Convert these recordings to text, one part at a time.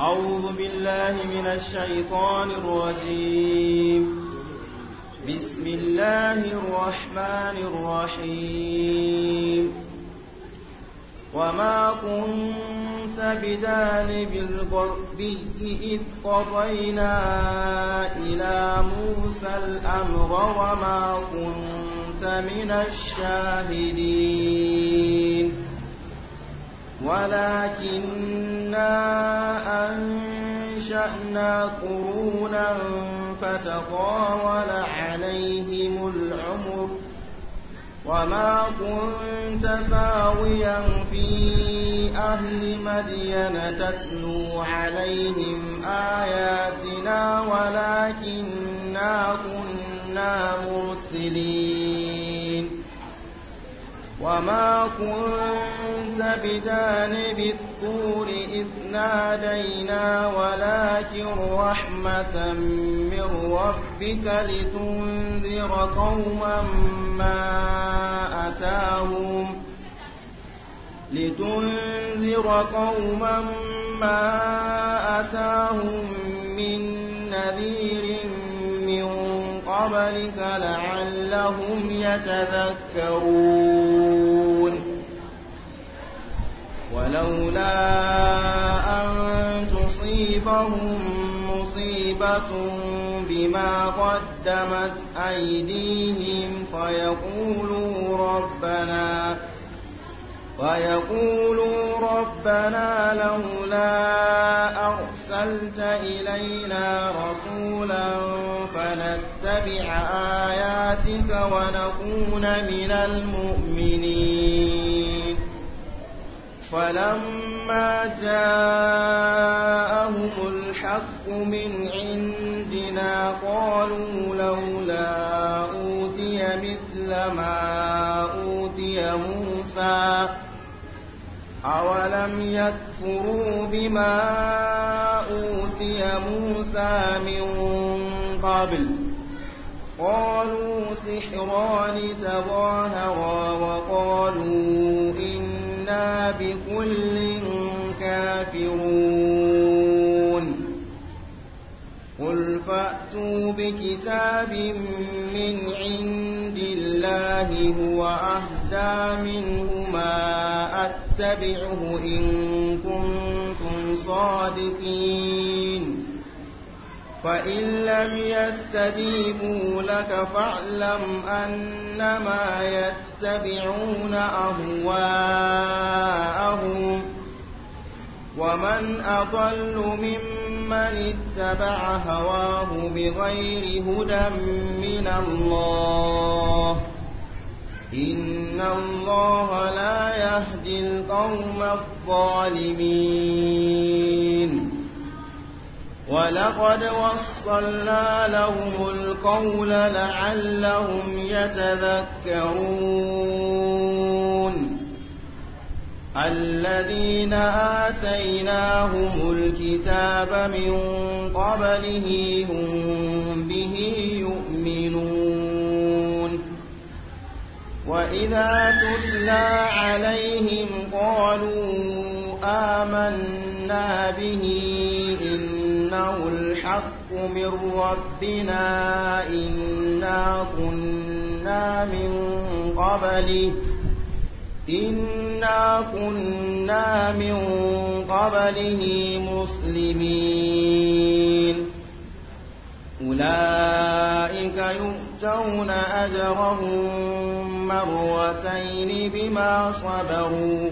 أعوذ بالله من الشيطان الرجيم بسم الله الرحمن الرحيم وما كنت بجانب الغربي إذ قضينا إلى موسى الأمر وما كنت من الشاهدين ولكنا أنشأنا قرونا فتطاول عليهم العمر وما كنت ثاويا في أهل مدين تتلو عليهم آياتنا ولكنا كنا مرسلين وما كنت بجانب الطور إذ نادينا ولكن رحمة من ربك لتنذر قوما ما أتاهم لتنذر قوما ما أتاهم من نذير قبلك لعلهم يتذكرون ولولا أن تصيبهم مصيبة بما قدمت أيديهم فيقولوا ربنا ربنا ويقولوا ربنا لولا أرسلت إلينا رسولا فنتبع آياتك ونكون من المؤمنين فلما جاءهم الحق من عندنا قالوا لولا أوتي مثل ما أوتي موسى موسى أولم يكفروا بما أوتي موسى من قبل قالوا سحران تظاهرا وقالوا إنا بكل كافرون قل فأتوا بكتاب من عند الله هو أهدى منهما أتبعه إن كنتم صادقين فإن لم يستجيبوا لك فاعلم أنما يتبعون أهواءهم ومن أضل ممن من اتبع هواه بغير هدى من الله إن الله لا يهدي القوم الظالمين ولقد وصلنا لهم القول لعلهم يتذكرون الذين آتيناهم الكتاب من قبله هم به يؤمنون وإذا تتلى عليهم قالوا آمنا به إنه الحق من ربنا إنا كنا من قبله إنا كنا من قبله مسلمين أولئك يؤتون أجرهم مرتين بما صبروا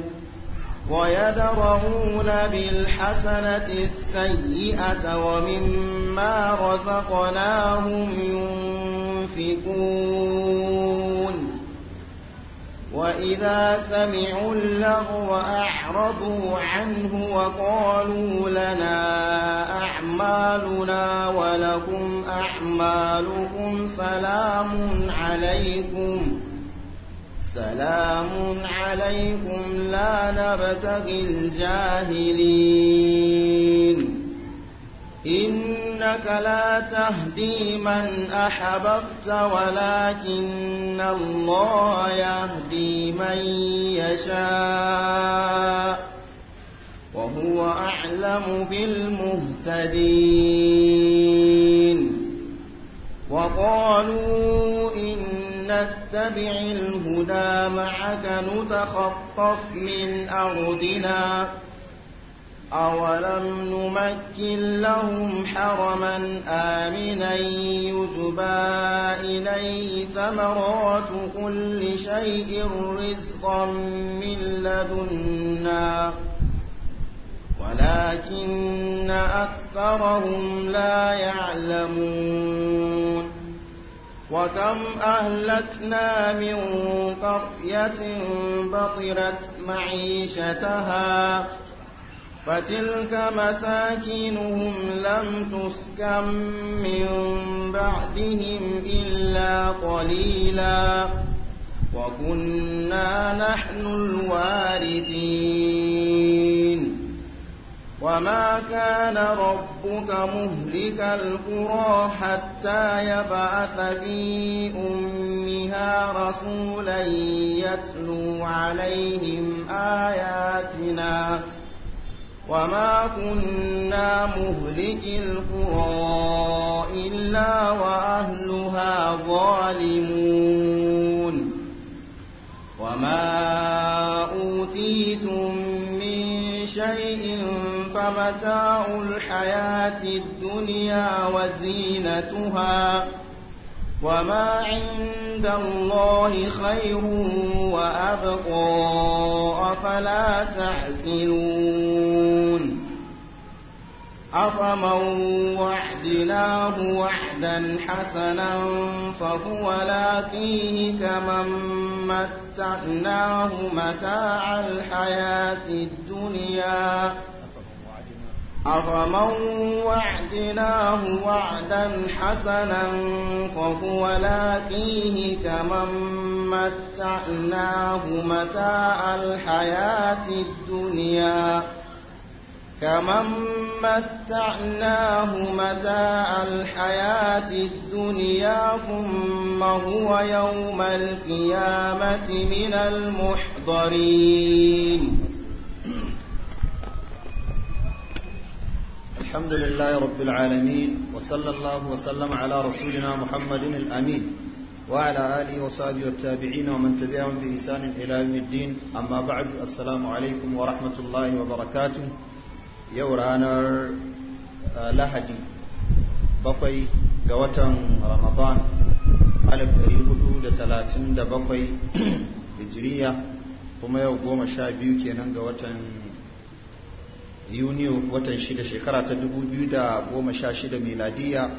ويدرؤون بالحسنة السيئة ومما رزقناهم ينفقون وَإِذَا سَمِعُوا اللَّغْوَ أَعْرَضُوا عَنْهُ وَقَالُوا لَنَا أَعْمَالُنَا وَلَكُمْ أَعْمَالُكُمْ سَلَامٌ عَلَيْكُمْ سَلَامٌ عَلَيْكُمْ لَا نَبْتَغِي الْجَاهِلِينَ إنك لا تهدي من أحببت ولكن الله يهدي من يشاء وهو أعلم بالمهتدين وقالوا إن نتبع الهدى معك نتخطف من أرضنا أولم نمكن لهم حرما آمنا يجبى إليه ثمرات كل شيء رزقا من لدنا ولكن أكثرهم لا يعلمون وكم أهلكنا من قرية بطرت معيشتها فتلك مساكنهم لم تسكن من بعدهم إلا قليلا وكنا نحن الوارثين وما كان ربك مهلك القرى حتى يبعث في أمها رسولا يتلو عليهم آياتنا ۖ وما كنا مهلك القرى إلا وأهلها ظالمون وما أوتيتم من شيء فمتاع الحياة الدنيا وزينتها وزينتها وما عند الله خير وأبقى أفلا تعقلون أفمن وعدناه وعدا حسنا فهو لاقيه كمن متعناه متاع الحياة الدنيا أفمن وعدناه وعدا حسنا فهو لاقيه كمن متعناه متاع الحياة الدنيا كمن متعناه متاع الحياة الدنيا ثم هو يوم القيامة من المحضرين الحمد لله رب العالمين وصلى الله وسلم على رسولنا محمد الأمين وعلى آله وصحبه والتابعين ومن تبعهم بإحسان إلى يوم الدين أما بعد السلام عليكم ورحمة الله وبركاته يورانا لهدي بقي قوة رمضان على بريد ثلاثين دبقي هجرية kuma yau goma sha biyu kenan ga watan yuniyo watan shida shekara ta 2016 miladiya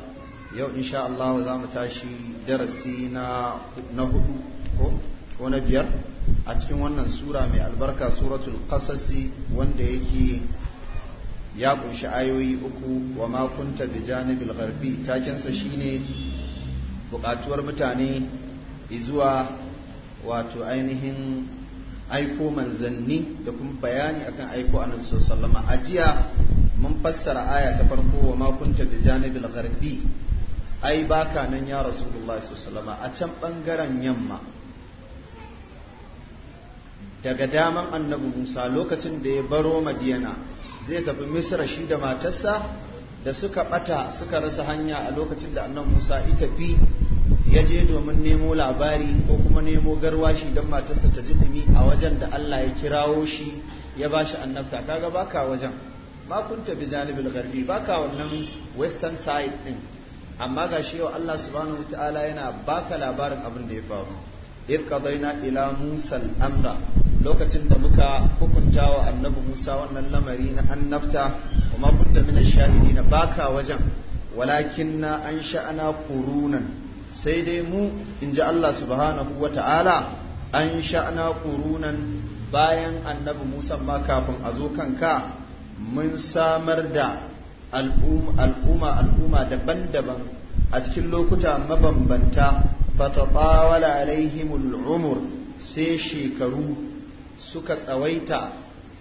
yau insha Allah za mu tashi darasi na hudu ko na biyar a cikin wannan sura mai albarka suratul qasasi wanda yake ya kunshi ayoyi uku wa ma kunta bi janibil gharbi takinsa shine bukatuwar mutane izuwa wato ainihin aiko manzanni da kuma bayani akan aiko annabi sallallahu alaihi a jiya mun fassara aya ta farko wa ma kunta da janibil gharbi ai baka nan ya rasulullahi sallallahu alaihi a can bangaren yamma daga daman annabi Musa lokacin da ya baro Madiyana zai tafi Misra shi da matarsa da suka bata suka rasa hanya a lokacin da annabi Musa ita bi ya je domin nemo labari ko kuma nemo garwashi don matarsa ta ji dumi a wajen da Allah ya kirawo shi ya ba shi annabta kaga baka wajen ma kun tafi janibil gharbi baka wannan western side din amma ga shi yau Allah subhanahu wa ta'ala yana baka labarin abin da ya faru id qadaina ila musa al-amra lokacin da muka hukunta wa annabi Musa wannan lamari na annabta kuma kun kunta min ash-shahidin baka wajen walakinna an sha'ana qurunan sai dai mu in ji Allah subhanahu wa ta'ala an sha’ana ƙurunan bayan annabi Musa ma kafin a zo kanka mun samar da al'umma al'umma daban-daban a cikin lokuta mabambanta fatatawala alaihimul umur sai shekaru suka tsawaita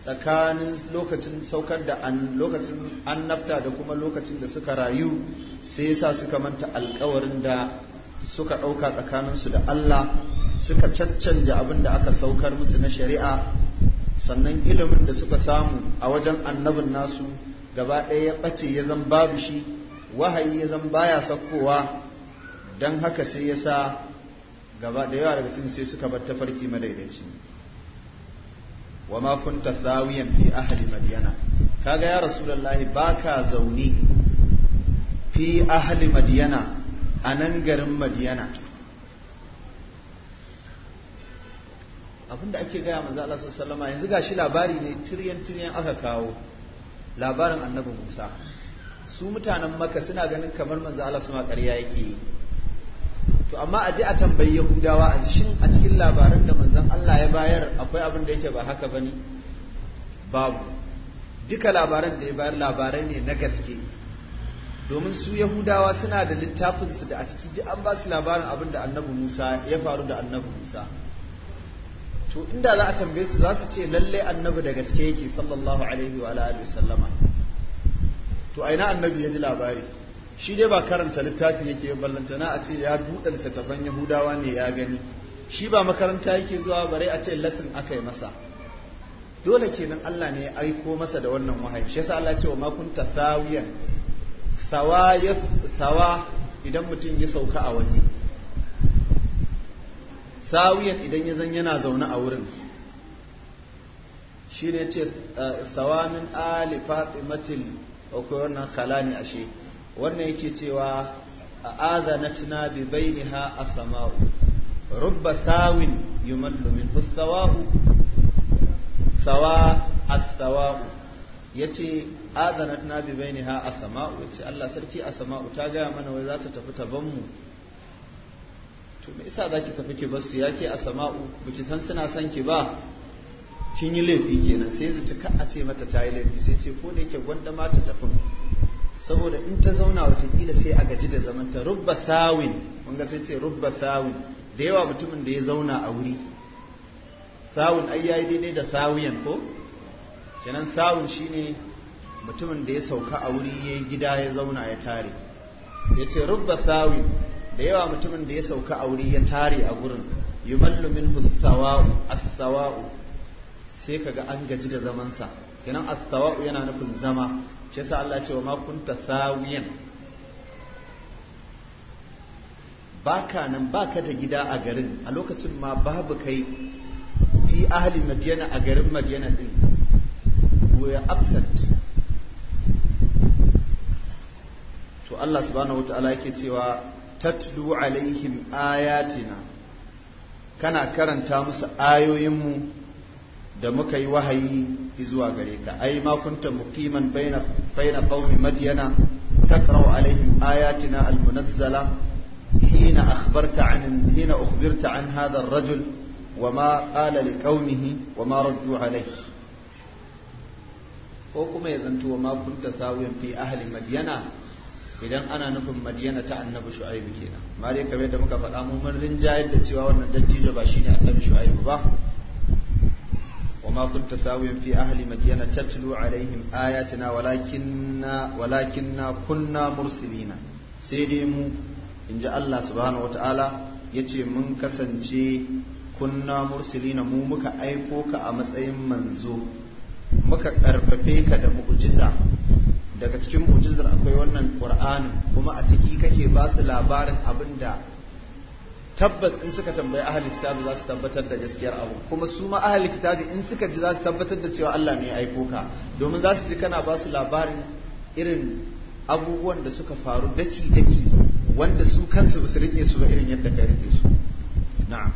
tsakanin lokacin saukar da lokacin annabta da kuma lokacin da suka rayu sai yasa suka manta alkawarin da suka ɗauka tsakaninsu da Allah suka caccanja abin da aka saukar musu na shari'a sannan ilimin da suka samu a wajen annabin nasu gaba ɗaya ya ɓace ya zan babu shi wahayi ya zan baya saukowa don haka sai ya sa gaba da yawa daga cikin sai suka bar tafarki madaidaici wa ma kunta thawiyan fi ahli madyana kaga ya rasulullahi baka zaune fi ahli madyana a nan garin madiyana abinda ake gaya manzo Allah salama, yanzu gashi labari ne tiryan tiryan aka kawo labarin annabi Musa su mutanen maka suna ganin kamar manzo Allah suma ƙarya yake yi to amma a je a tambayi yahudawa a shin a cikin labaran da manzon Allah ya bayar akwai abin da yake ba haka bane babu duka labaran da ya bayar labarai ne na gaske domin su yahudawa suna da littafinsu da a ciki duk an ba su labarin abin da annabi musa ya faru da annabi musa to inda za a tambaye su za su ce lalle annabi da gaske yake sallallahu alaihi wa alihi sallama to a ina annabi ya ji labari shi dai ba karanta littafi yake na a ce ya buɗe littattafan yahudawa ne ya gani shi ba makaranta yake zuwa bare a ce lasin aka yi masa dole kenan Allah ne ya aiko masa da wannan wahayi shi yasa Allah ya ce wa ma kunta thawiyan sawa ya sawa idan mutum ya sauka a waje sawiyan idan ya zan yana zaune a wurin shi ne ce ah, sawamin ali fatimatin wannan khalani ashe wannan yake cewa a a'azanatna bi bainiha as-sama'u rubba sawin yumallu min as-sawa'u sawa as-sawa'u yace azanat na bi ha asama'u yace Allah sarki asama'u ta gaya mana wai za ta tafi ta ban to me za zaki tafi ki basu yake Ba biki san suna son ki ba kin yi laifi kenan sai zaci ka a ce mata ta yi laifi sai ce ko da yake gwanda ma ta tafi saboda in ta zauna watakila sai a gaji da zaman ta rubba thawin mun ga sai ce rubba thawin da yawa mutumin da ya zauna a wuri thawin ai yayi daidai da thawiyan ko kenan thawin shine mutumin da ya sauka a wuri ya gida ya zauna ya tare ya ce rubba thawi da yawa mutumin da ya sauka a wuri ya tare a gurin yi minhu as-sawa'u sai ga an gaji da zamansa kenan as yana nufin zama shi sa Allah ce wa ma kunta thawiyan baka nan baka da gida a garin a lokacin ma babu kai fi ahli madiyana a garin madiyana din we absent to Allah subhanahu wataala yake cewa tatlu alaihim ayatina kana karanta musu ayoyinmu da muka yi wahayi zuwa gare ka ai ma kunta muqiman baina baina qaumi madyana taqra'u alaihim ayatina almunazzala حين أخبرت عن حين rajul عن هذا الرجل وما قال لقومه وما ردوا عليه وكما يزنت وما كنت ثاويا في أهل idan ana nufin madiyana ta annabi shu'aibu kenan ma dai kamar yadda muka faɗa mu mun rinjayar da cewa wannan dattijo ba shine annabi shu'aibu ba wa ma kunta sawiyan fi ahli madiyana tatlu alaihim ayatina walakinna walakinna kunna mursilina sai dai mu inji Allah subhanahu wataala yace mun kasance kunna mursilina mu muka aiko ka a matsayin manzo muka karfafe ka da mu'jiza daga cikin mu'jizar akwai wannan qur'anin kuma a ciki kake ba su labarin abin da tabbas in suka tambayi ahli kitabi za su tabbatar da gaskiyar abu kuma su ma ahli kitabi in suka ji za su tabbatar da cewa Allah ne ya aiko ka domin za su ji kana ba su labarin irin abubuwan da suka faru daki daki wanda su kansu su rike su ba irin yadda ka rike su na'am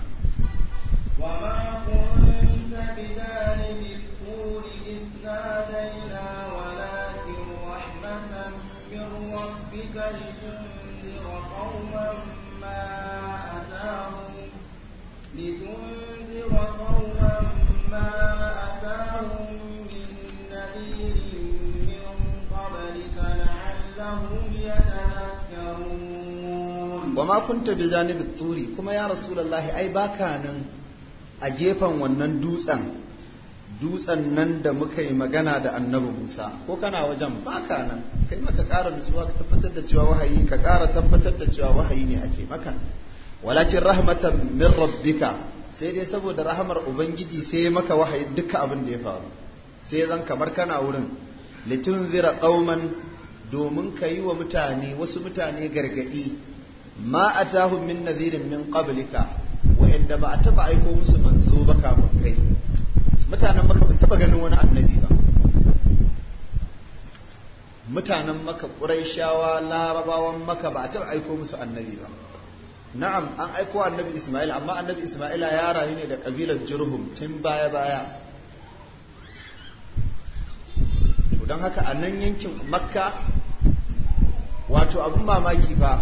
ma kunta bi janibi turi kuma ya rasulullahi ai baka nan a gefen wannan dutsen dutsen nan da muka yi magana da annabi Musa ko kana wajen baka nan kai maka ƙara nutsuwa ka tabbatar da cewa wahayi ka ƙara tabbatar da cewa wahayi ne ake maka walakin rahmatan min rabbika sai dai saboda rahamar ubangiji sai ya maka wahayi duka abin da ya faru sai zan kamar kana wurin zira qauman domin ka yi wa mutane wasu mutane gargadi ma atahum min nadhirin min qablika wa'anda ba a taba aiko musu manzo ba kafin kai mutanen maka ba su taba ganin wani annabi ba mutanen maka ƙurai, shawa, larabawan maka ba a taɓa aiko musu annabi ba na'am an aiko annabi isma'il amma annabi isma'ila ya rayu ne da ƙabilar jurhum tun baya baya to don haka a nan yankin makka wato abin mamaki ba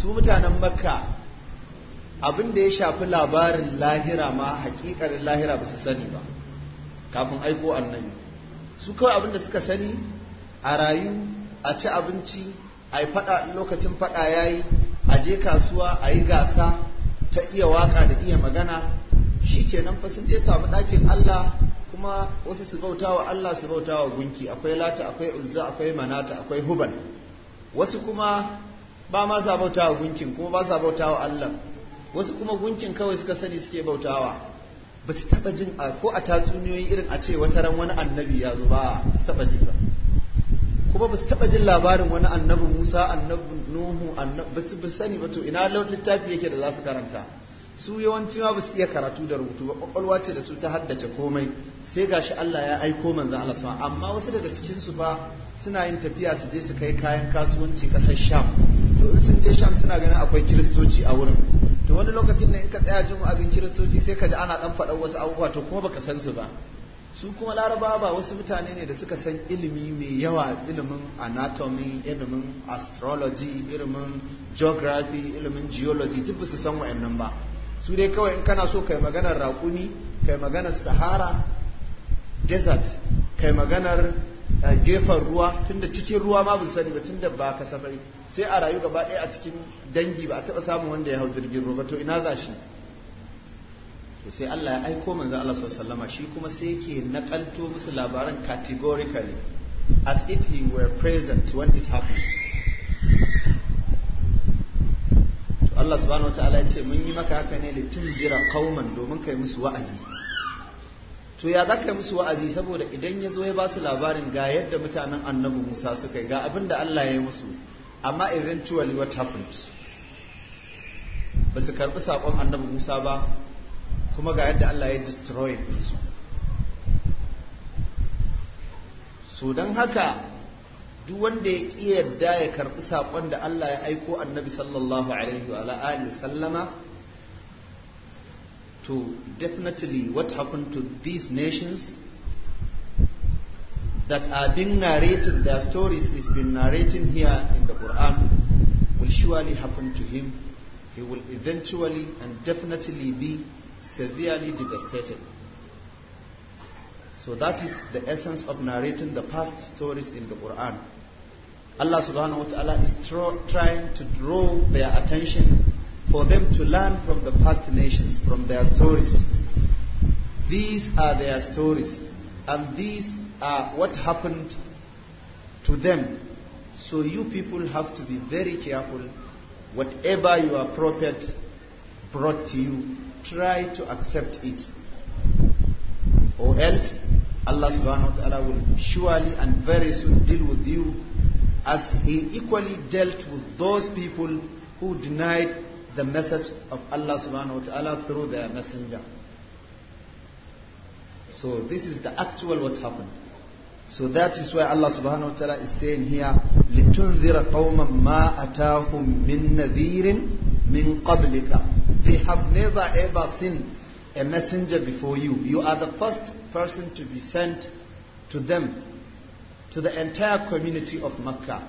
su mutanen makka abin da ya shafi labarin lahira ma hakikarin lahira ba su sani ba kafin aiko annabi su kawai abin da suka sani a rayu a ci abinci a yi fada lokacin fada ya yi a je kasuwa a yi gasa ta iya waka da iya magana shi kenan fa sun je samu ɗakin allah kuma wasu su bauta wa Allah su bauta wa gunki akwai lata akwai uzza akwai manata akwai huban wasu kuma ba ma sa bautawa gunkin kuma ba sa bautawa Allah wasu kuma gunkin kawai suka sani suke bautawa ba su taba jin a ko a tatsuniyoyi irin a ce wata ran wani annabi ya zo ba su taba ji ba kuma ba su taba jin labarin wani annabi Musa annabi Nuhu annabi ba su sani ba to ina littafi yake da za su karanta su yawanci ma ba su iya karatu da rubutu ba kwakwalwa ce da su ta haddace komai sai gashi Allah ya aiko manzo Allah sama amma wasu daga cikin su fa suna yin tafiya su je su kai kayan kasuwanci kasar Sham to in sun je sham suna ganin akwai kiristoci a wurin to wani lokacin da in ka tsaya jin wa'azin kiristoci sai ka ji ana dan faɗan wasu abubuwa to kuma baka san su ba su kuma laraba ba wasu mutane ne da suka san ilimi mai yawa ilimin anatomy ilimin astrology ilimin geography ilimin geology duk su san wa'annan ba su dai kawai in kana so kai maganar raƙumi kai maganar sahara desert kai maganar gefen ruwa tunda cikin ruwa ma bin sani ba tunda ba ka kasafai sai a rayu gaba ɗaya a cikin dangi ba a taɓa samun wanda ya hau jirgin ruwa to ina za shi to sai Allah ya aiko manzo Allah sallallahu alaihi shi kuma sai yake nakalto musu labaran categorically as if he were present when it happened to Allah subhanahu wataala ya ce mun yi maka haka ne litun jira qauman domin kai musu wa'azi to ya za ka yi musu wa'azi saboda idan ya zo ya ba su labarin ga yadda mutanen annabi musa suka yi ga abin da allah ya yi musu amma eventually what happened ba su karɓi saƙon annabi musa ba kuma ga yadda allah ya destroy ɗinsu so don haka duk wanda ya ƙi yarda ya karɓi saƙon da allah ya aiko annabi sallallahu alaihi wa sallama to definitely what happened to these nations that are being narrated, their stories is being narrated here in the Quran, will surely happen to him. He will eventually and definitely be severely devastated. So that is the essence of narrating the past stories in the Quran. Allah subhanahu wa ta'ala is trying to draw their attention for them to learn from the past nations, from their stories. These are their stories, and these are what happened to them. So you people have to be very careful. Whatever are prophet brought to you, try to accept it. Or else, Allah subhanahu wa ta'ala will surely and very soon deal with you as He equally dealt with those people who denied the message of Allah subhanahu wa ta'ala through their messenger. So this is the actual what happened. So that is why Allah subhanahu wa ta'ala is saying here, لِتُنذِرَ قَوْمًا مَا أَتَاهُمْ مِن نَذِيرٍ مِن قَبْلِكَ They have never ever seen a messenger before you. You are the first person to be sent to them, to the entire community of Makkah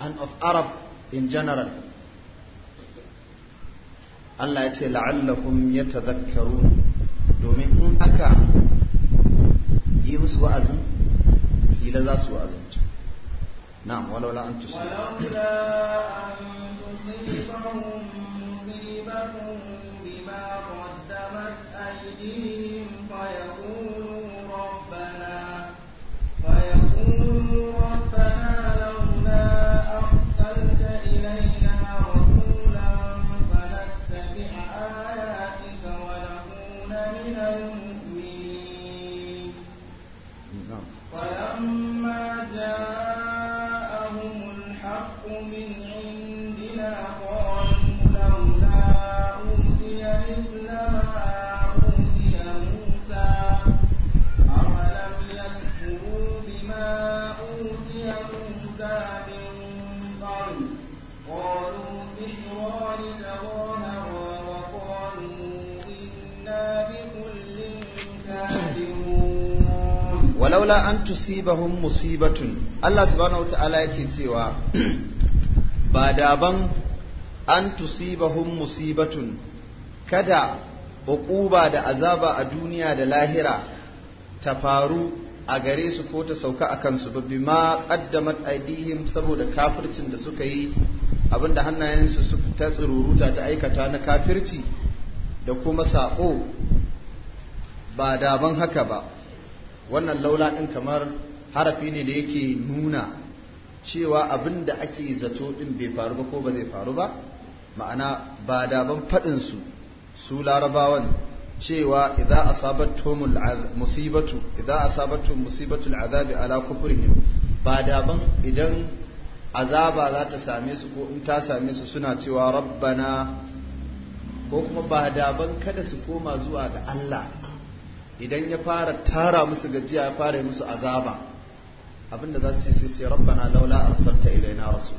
and of Arab in general. Allah ya ce la'allahum yatadhakkarun domin in aka yi musu wa'azin kila za su wa'azin na'am walaula an tusu laula an tusibahum musibatun Allah subhanahu ala yake cewa ba daban an tusibahum musibatun kada uquba da azaba a duniya da lahira ta faru a gare su ko ta sauka a kansu ba bima qaddamat aidihim saboda kafircin da suka yi abinda hannayensu su ta tsiruruta ta aikata na kafirci da kuma sako ba daban haka ba wannan laula ɗin kamar harafi ne da yake nuna cewa abin da ake zato ɗin bai faru ba ko ba zai faru ba ma'ana ba daban faɗinsu su larabawan cewa idan asabattum musibatu idan musibatu al'azabi ala kufrihim ba daban idan azaba za ta same su ko in ta same su suna cewa rabbana ko kuma ba daban kada su koma zuwa ga Allah idan ya fara tara musu gajiya ya fara musu azaba abinda za su ce sai sai rabbana laula arsalta ilaina rasul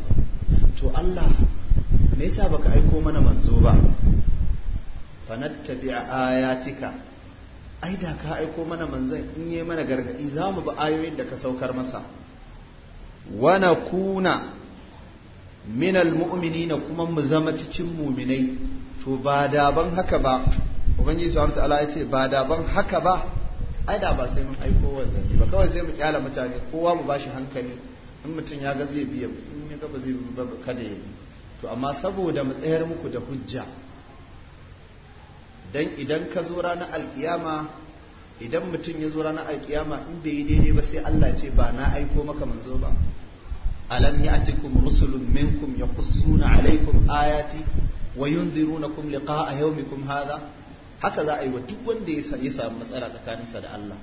to Allah me yasa baka aiko mana manzo ba fanattabi ayatika ai da ka aiko mana manzon in yi mana gargadi za mu bi ayoyin da ka saukar masa wa nakuna minal mu'minina kuma mu zama cikin muminai to ba da ban haka ba ubangiji subhanahu ala ya ce ba da ban haka ba ai da ba sai mun aiko wanzanni ba kawai sai mu kyala mutane kowa mu bashi hankali in mutum ya ga zai biya in ya ga ba zai ba kada ya bi to amma saboda mu tsayar muku da hujja dan idan ka zo ranar alkiyama idan mutum ya zo ranar alkiyama in bai yi daidai ba sai Allah ce ba na aiko maka manzo ba alam ya'tikum rusulun minkum yaqussuna alaykum ayati wa yunzirunakum liqa'a yawmikum hadha haka za a yi wa duk wanda ya samu matsala tsakaninsa da Allah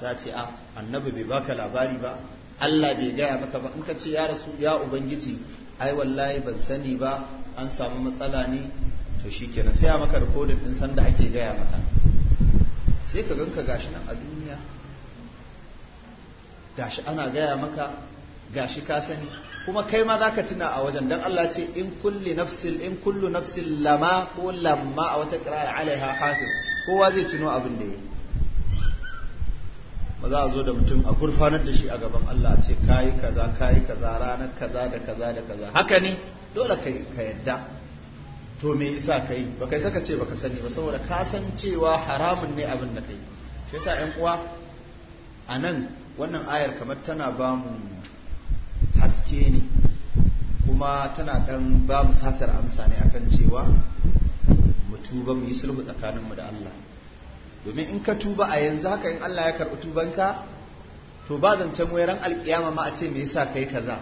za ce a ah, annabi bai baka labari ba Allah bai gaya maka ba in ka ce ya rasu ya ubangiji ai wallahi ban sani ba an samu matsala ne to shikenan sai a maka rikodin din sanda ake gaya maka sai ka ganka gashi nan a duniya gashi ana gaya maka gashi ka sani kuma kai ma zaka tuna a wajen dan Allah ce in kulli nafsil in kullu nafsil lama ko lamma a wata qira'a alaiha hafiz kowa zai tuno abin da yake ba za a zo da mutum a gurfanar da shi a gaban Allah a ce kayi kaza kayi kaza ranar kaza da kaza da kaza haka ne dole kai ka yadda to me yasa kai ba kai saka ce baka sani ba saboda ka san cewa haramun ne abin da kai shi yasa ƴan uwa a nan wannan ayar kamar tana bamu. haske ne kuma tana dan ba mu satar amsa ne akan cewa mu tuba mu yi sulhu tsakaninmu da Allah domin in ka tuba a yanzu haka in Allah ya karɓi tubanka to ba zancen wai ran alkiyama ma a ce me yasa kai kaza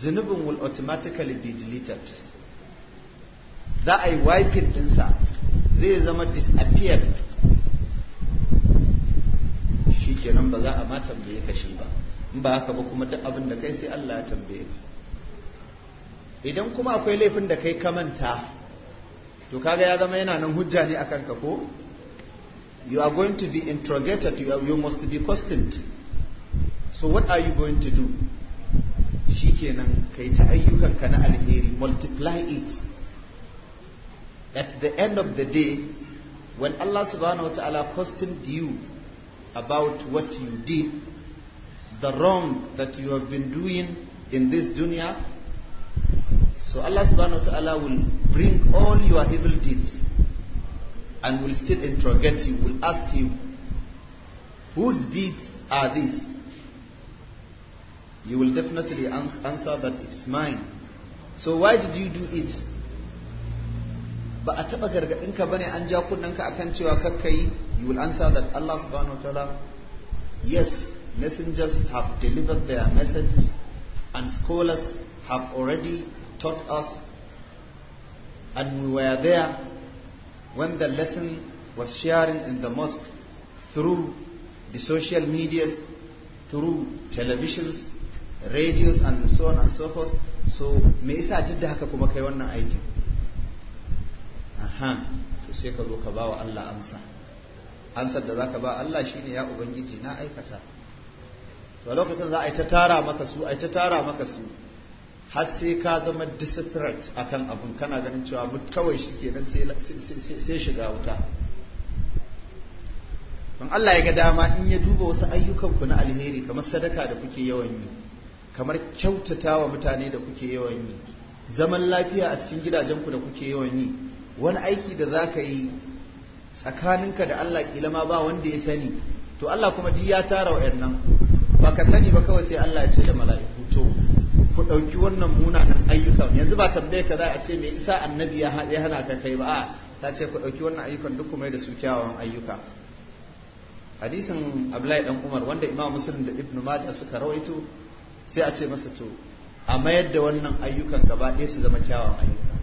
zunubin will automatically be deleted za a yi wiping ɗinsa zai zama disappeared kenan ba za a ma tambaye ka shi ba in ba haka ba kuma duk abin da kai sai Allah ya tambaye ka idan kuma akwai laifin da kai ka manta to kaga ya zama yana nan hujja ne akan ka ko you are going to be interrogated you, are, you must be questioned so what are you going to do shikenan kai ta ayyukan ka na alheri multiply it at the end of the day when Allah subhanahu wa ta'ala questioned you about what you did the wrong that you have been doing in this dunya. So Allah subhanahu wa ta'ala will bring all your evil deeds and will still interrogate you, will ask you, whose deeds are these? You will definitely answer that it's mine. So why did you do it? But a taɓa gargaɗinka ba ne an you will answer that Allah subhanahu wa ta'ala yes messengers have delivered their messages and scholars have already taught us and we were there when the lesson was sharing in the mosque through the social medias, through televisions, radios and so on and so forth. So me isa duk haka kuma kai wannan aikin? Aha, to sai ka zo ka bawa Allah amsa. Amsar da za ka ba Allah shine ya Ubangiji na aikata. to lokacin za a yi ta tara maka su a yi ta tara maka su har sai ka zama disparate akan abun kana ganin cewa mu kawai shi nan sai shiga wuta don Allah ya ga dama in ya duba wasu ayyukan ku na alheri kamar sadaka da kuke yawan yi kamar kyautatawa mutane da kuke yawan yi zaman lafiya a cikin gidajen ku da kuke yawan yi wani aiki da za ka yi tsakaninka da Allah kila ma ba wanda ya sani to Allah kuma duk ya tara nan ba ka sani ba kawai sai Allah ya ce da mala'iku to ku ɗauki wannan munanan ayyukan yanzu ba tambaye ka za a ce me isa annabi ya hana ka kai ba a ta ce ku ɗauki wannan ayyukan duk kuma da su kyawawan ayyuka hadisin Abdullahi dan Umar wanda Imam Muslim da Ibn Majah suka rawaito sai a ce masa to a mayar da wannan ayyukan gaba ɗaya su zama kyawawan ayyuka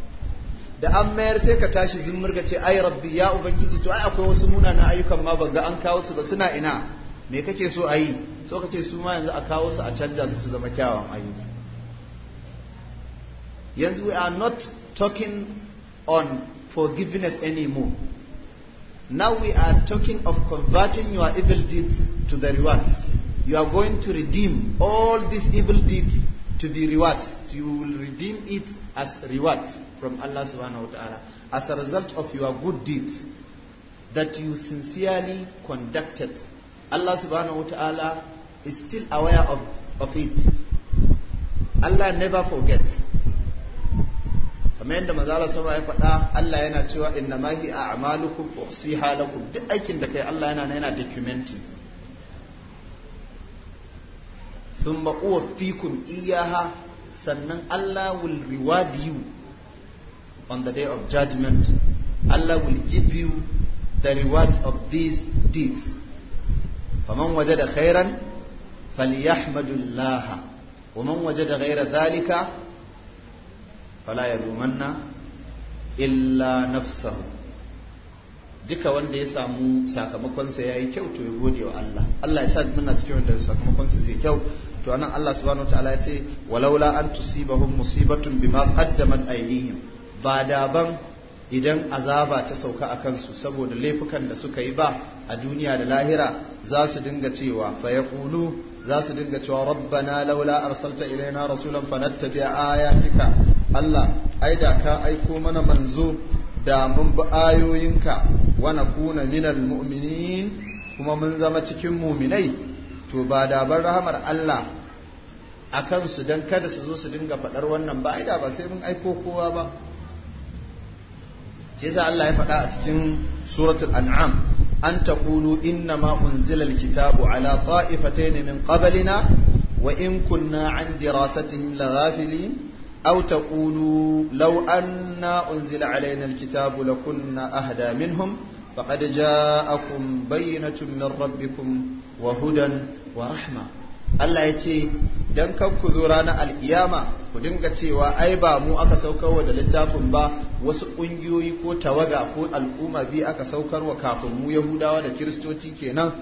da an mayar sai ka tashi zumurga ce ai rabbi ya ubangiji to ai akwai wasu munana ayyukan ma ba ga an kawo su ba suna ina me kake so ayi yi so kace su ma yanzu a kawo su a canja su su zama kyawun ayyuka yanzu we are not talking on forgiveness anymore now we are talking of converting your evil deeds to the rewards you are going to redeem all these evil deeds to be rewards you will redeem it as rewards from Allah subhanahu wa ta'ala as a result of your good deeds that you sincerely conducted. Allah subhanahu wa ta'ala is still aware of, of it. Allah never forgets. kamar yadda manzala sama ya faɗa Allah yana cewa inna ma hi a'malukum uhsiha lakum duk aikin da kai Allah yana yana documenting thumma uwaffikum iyaha sannan Allah will reward you on the day of judgment, Allah will give you the rewards of these deeds. فمن وجد خيرا فليحمد الله ومن وجد غير ذلك فلا يلومن إلا نفسه duka wanda ya samu sakamakonsa ya yi kyau to ya gode wa Allah Allah ya sa muna cikin wanda sakamakonsa zai kyau to anan Allah subhanahu wa ta'ala ya ce walaula an tusibahum musibatun bima man ainihin. ba daban idan azaba ta sauka a kansu saboda laifukan da suka yi ba a duniya da lahira za su dinga cewa fa ƙulu za su dinga cewa rabbana laula arsalta ilaina rasulan fanattabi'a ayatika Allah ai da ka aiko mana manzo da mun bi ayoyinka wa kuna minal mu'minin kuma mun zama cikin mu'minai to ba da ban rahamar Allah a kansu don kada su zo su dinga faɗar wannan ba ai da ba sai mun aiko kowa ba ke sa Allah ya fada a cikin suratul an'am an taqulu inna ma unzila alkitabu ala ta'ifatayn min qablina wa in kunna 'an dirasatihim laghafilin aw taqulu law anna unzila alayna alkitabu lakunna ahda minhum faqad ja'akum bayyinatun min rabbikum wa hudan wa rahmah Allah ya ce dan kan ku zo ranar alkiyama ku dinga cewa ai ba mu aka saukarwa da littafin ba wasu ƙungiyoyi ko tawaga ko al'umma biyu aka saukar wa kafin mu yahudawa da kiristoci kenan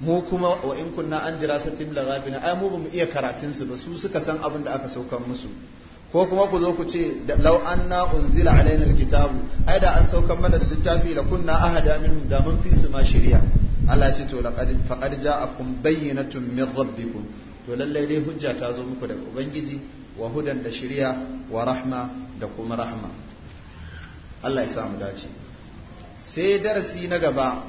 mu kuma wa in kunna an jira satim lagabina ai mu bamu iya karatun su ba su suka san abin da aka saukar musu ko kuma ku zo ku ce law anna unzila alaina alkitabu ai da an saukar mana da littafi la kunna ahada min da mun fi su ma shari'a Allah ce to faqad ja'akum bayyinatun min rabbikum to lallai dai hujja ta zo muku daga ubangiji wa hudan da shiriya wa rahma da kuma rahma Allah ya sa mu dace sai darasi na gaba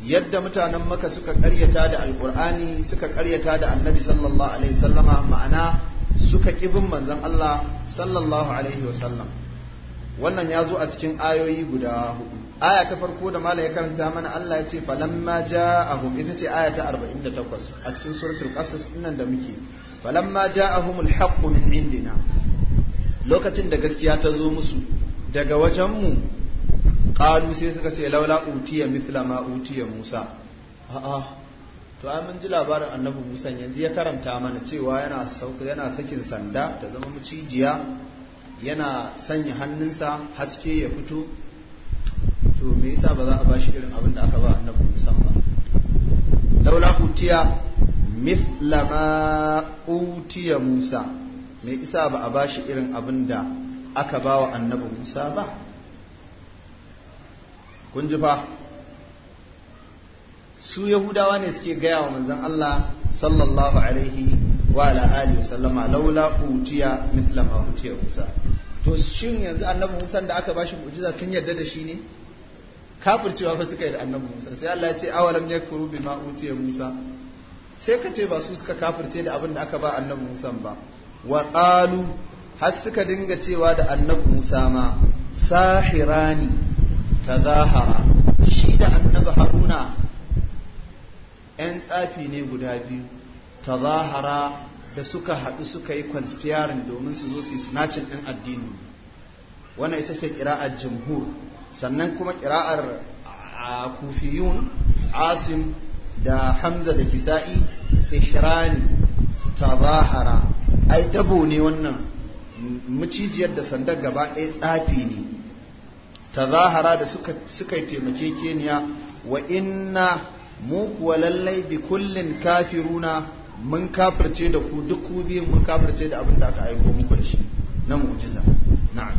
yadda mutanen maka suka karyata da alkur'ani suka karyata da annabi sallallahu alaihi sallama ma'ana suka kibin manzon Allah sallallahu alaihi wasallam wannan ya zo a cikin ayoyi guda hudu aya ta farko da mala ya karanta mana Allah ya ce falamma ja'ahum ita ce aya ta 48 a cikin suratul qasas dinnan da muke falamma ja'ahumul haqqu min indina lokacin da gaskiya ta zo musu daga wajen mu qalu sai suka ce laula utiya mithla ma utiya Musa a' to ai mun ji labarin annabi Musa yanzu ya karanta mana cewa yana sauka yana sakin sanda ta zama mucijiya yana sanya hannunsa haske ya fito to me yasa ba za a bashi irin abin da aka ba annabi Musa ba laula utiya mithla ma utiya Musa me yasa ba a bashi irin abin da aka ba wa annabi Musa ba kun ji fa su yahudawa ne suke gaya wa manzon Allah sallallahu alaihi wa ala alihi sallama laula utiya mithla ma utiya Musa to shin yanzu annabi Musa da aka bashi mu'jiza sun yarda da shi ne kafircewa fa suka yi da annabi Musa sai Allah ya ce awalam yakfuru bima utiya Musa sai ka ce ba su suka kafirce da abin da aka ba annabi Musa ba wa qalu har suka dinga cewa da annabi Musa ma sahirani tazahara shi da annabi Haruna ‘yan tsafi ne guda biyu, tazahara da suka haɗu suka yi conspiring domin su zo su yi snatching ɗin addini. Wannan ita sai ƙira'ar jimhur sannan kuma kira'ar kufiyun asim da hamza da kisa'i sihirani tazahara ai dabo ne wannan macijiyar da sandar gaba ɗaya tsafi ne tazahara da suka taimake keniya wa inna mu kuwa lallai bi kullin kafiruna mun kafirce da ku duk ku mun kafirce da abin da aka aiko muku da shi na mu'jiza na'am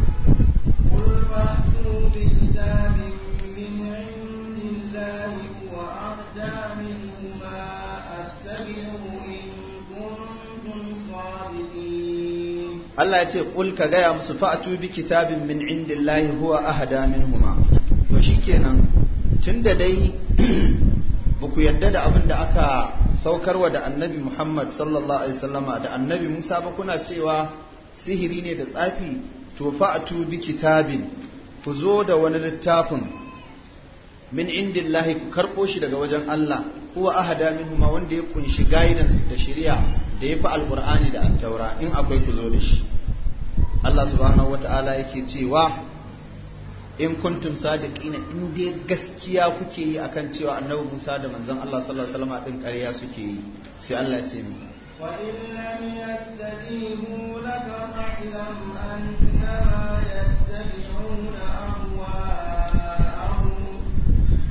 Allah ya ce ƙul ka gaya musu fa'atu bi kitabin min indillahi huwa ahada minhuma to shikenan tunda dai ba ku yarda da abin da aka saukarwa da annabi Muhammad sallallahu alaihi wasallama da annabi Musa ba kuna cewa sihiri ne da tsafi to a tubi kitabin ku zo da wani littafin min indillahi ku karɓo shi daga wajen Allah huwa ahada minhuma wanda ya kunshi guidance da shari'a da yafi alqur'ani da taura in akwai ku zo da shi Allah subhanahu wata'ala yake cewa in kuntum sadiqina in dai gaskiya kuke yi akan cewa annabi Musa da manzon Allah sallallahu alaihi wasallam din ƙarya suke yi sai Allah ya ce mu وإن لم يستجيبوا لك فاعلم أنما يتبعون أهواءهم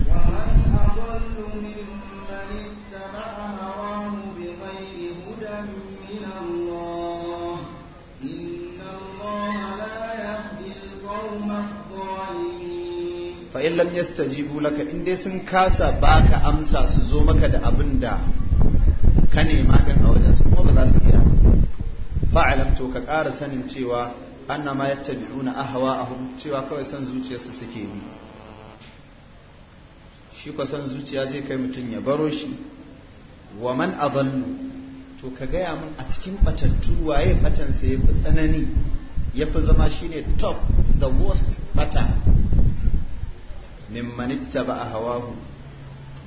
ومن أضل ممن اتبع هواه بغير هدى من الله إن الله لا يهدي القوم الظالمين فإن لم يستجيبوا لك إن دي سنكاسا باك أمسا سزومك دا أبن دا ka nema din a wajen su kuma ba za su iya fa'alam to ka ƙara sanin cewa annama a ahwa'ahum cewa kawai san zuciyarsu suke bi shi kwa san zuciya zai kai mutum ya baro shi wa man adallu to ka gaya min a cikin batattu waye batansa ya fi tsanani ya fi zama shi ne top the worst bata ba hawa hawahu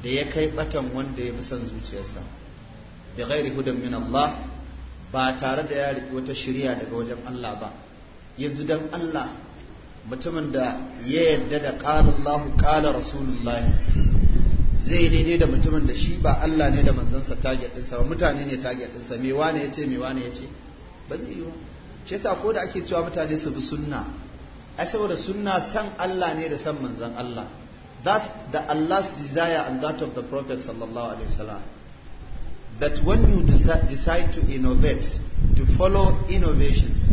da ya kai batan wanda ya fi son zuciyarsa bi ghairi hudan min Allah ba tare da ya riki wata shirya daga wajen Allah ba yanzu dan Allah mutumin da ya yarda da qala Allah qala rasulullah zai daidai da mutumin da shi ba Allah ne da manzansa target sa ba mutane ne target sa me wane yace me wane yace ba zai yi ba shi yasa ko da ake cewa mutane su bi sunna ai saboda sunna san Allah ne da san manzan Allah that's the Allah's desire and that of the prophet sallallahu alaihi wasallam that when you deci decide to innovate, to follow innovations,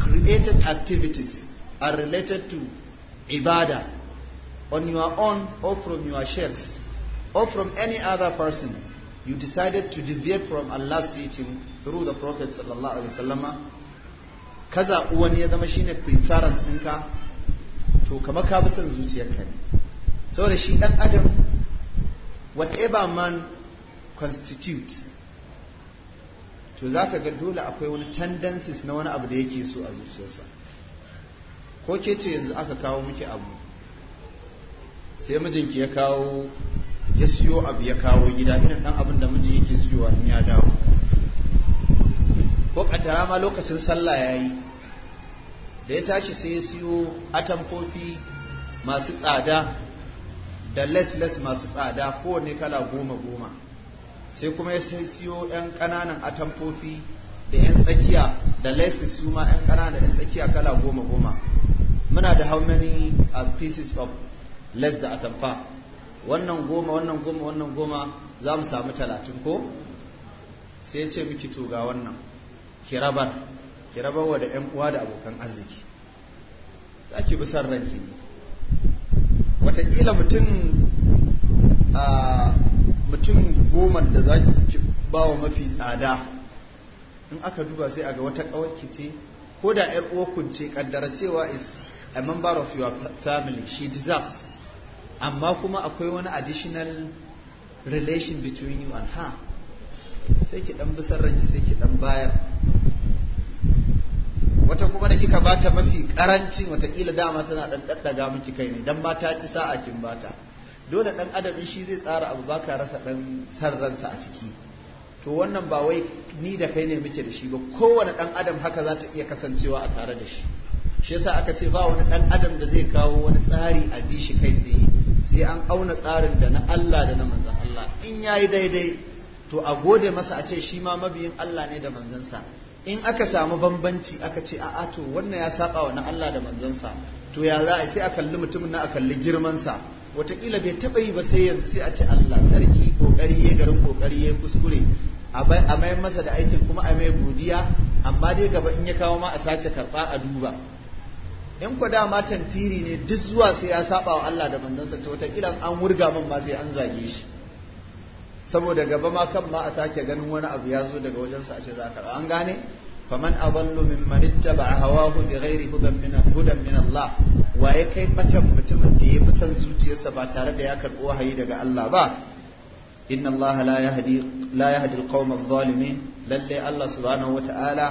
created activities are related to ibadah on your own or from your sheikhs or from any other person, you decided to deviate from Allah's teaching through the Prophet sallallahu alaihi wasallam. Kaza uwan shine preference to adam whatever man constitute to za ka ga dole akwai wani tendencies na wani abu da yake so a zuciyarsa ko ke ce yanzu aka kawo miki abu sai mijinki ya kawo ya siyo abu ya kawo gida irin dan abin da miji yake siyowa in ya dawo ko kaddara ma lokacin sallah yayi da ya tashi sai ya siyo atamfofi masu tsada da les les masu tsada kowane kala goma goma sai kuma ya siyo yan ƙananan atamfofi da yan tsakiya da laces su ma yan ƙananan da yan tsakiya kala goma goma muna da how many uh, pieces of less da atamfa wannan goma wannan goma wannan goma za mu samu talatin ko sai ce miki to ga wannan kirabar kirabar wa da yan uwa da abokan arziki za ki bi son ranki ne Watakila mutum uh, mutum goma da za ki ba wa mafi tsada in aka duba sai a ga wata kawai ce ko da yar uwarkun ce kaddara cewa is a member of your family she deserves amma kuma akwai wani additional relation between you and her sai ki dan bisan ranki sai ki dan bayar wata kuma da kika bata mafi karanci watakila dama tana dan daddaga miki kai ne dan mata ci sa'a kin bata dole ɗan adam shi zai tsara abu baka rasa ɗan san a ciki to wannan ba wai ni da kai ne muke da shi ba kowane dan adam haka za ta iya kasancewa a tare da shi shi yasa aka ce ba wani dan adam da zai kawo wani tsari a bi shi kai tsaye sai an auna tsarin da na Allah da na manzon Allah in yayi daidai to a gode masa a ce shi ma mabiyin Allah ne da manzansa in aka samu bambanci aka ce a'a to wannan ya saba wa na Allah da manzansa to ya za a sai a kalli mutumin na a kalli girmansa watakila bai taba yi ba sai yanzu sai a ce Allah sarki kokari ya garin kokari ya kuskure a mai masa da aikin kuma a mai godiya amma dai gaba in ya kawo ma a sake karɓa a duba in ku ma tantiri ne duk zuwa sai ya saba wa Allah da manzansa to watakila an wurga man ma sai an zage shi saboda gaba ma kan ma a sake ganin wani abu ya zo daga wajensa a ce za a an gane faman adallu mimman ba a hawa hudan min hudan min Allah wa ya kai mata mutumin da ya fi son zuciyarsa ba tare da ya karɓi wahayi daga Allah ba inna Allah la yahdi la yahdi alqawm adh-dhalimin lalle Allah subhanahu wata'ala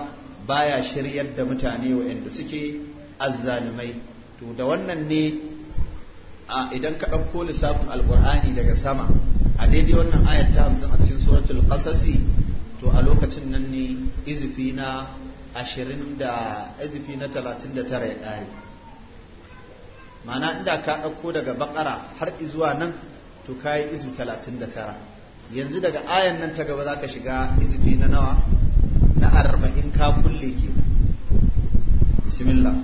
baya shiryar da mutane waɗanda suke azzalumai to da wannan ne a idan ka ɗauko lissafin alƙur'ani daga sama a daidai wannan ayar ta hamsin a cikin suratul qasasi to a lokacin nan ne izifi na ashirin da izifi na talatin da tara ya ƙare mana inda ka ɗauko daga bakara har izuwa nan to ka yi izu talatin da tara yanzu daga ayan nan ta gaba za ka shiga izifi na nawa na arba'in ka kulle ke bismillah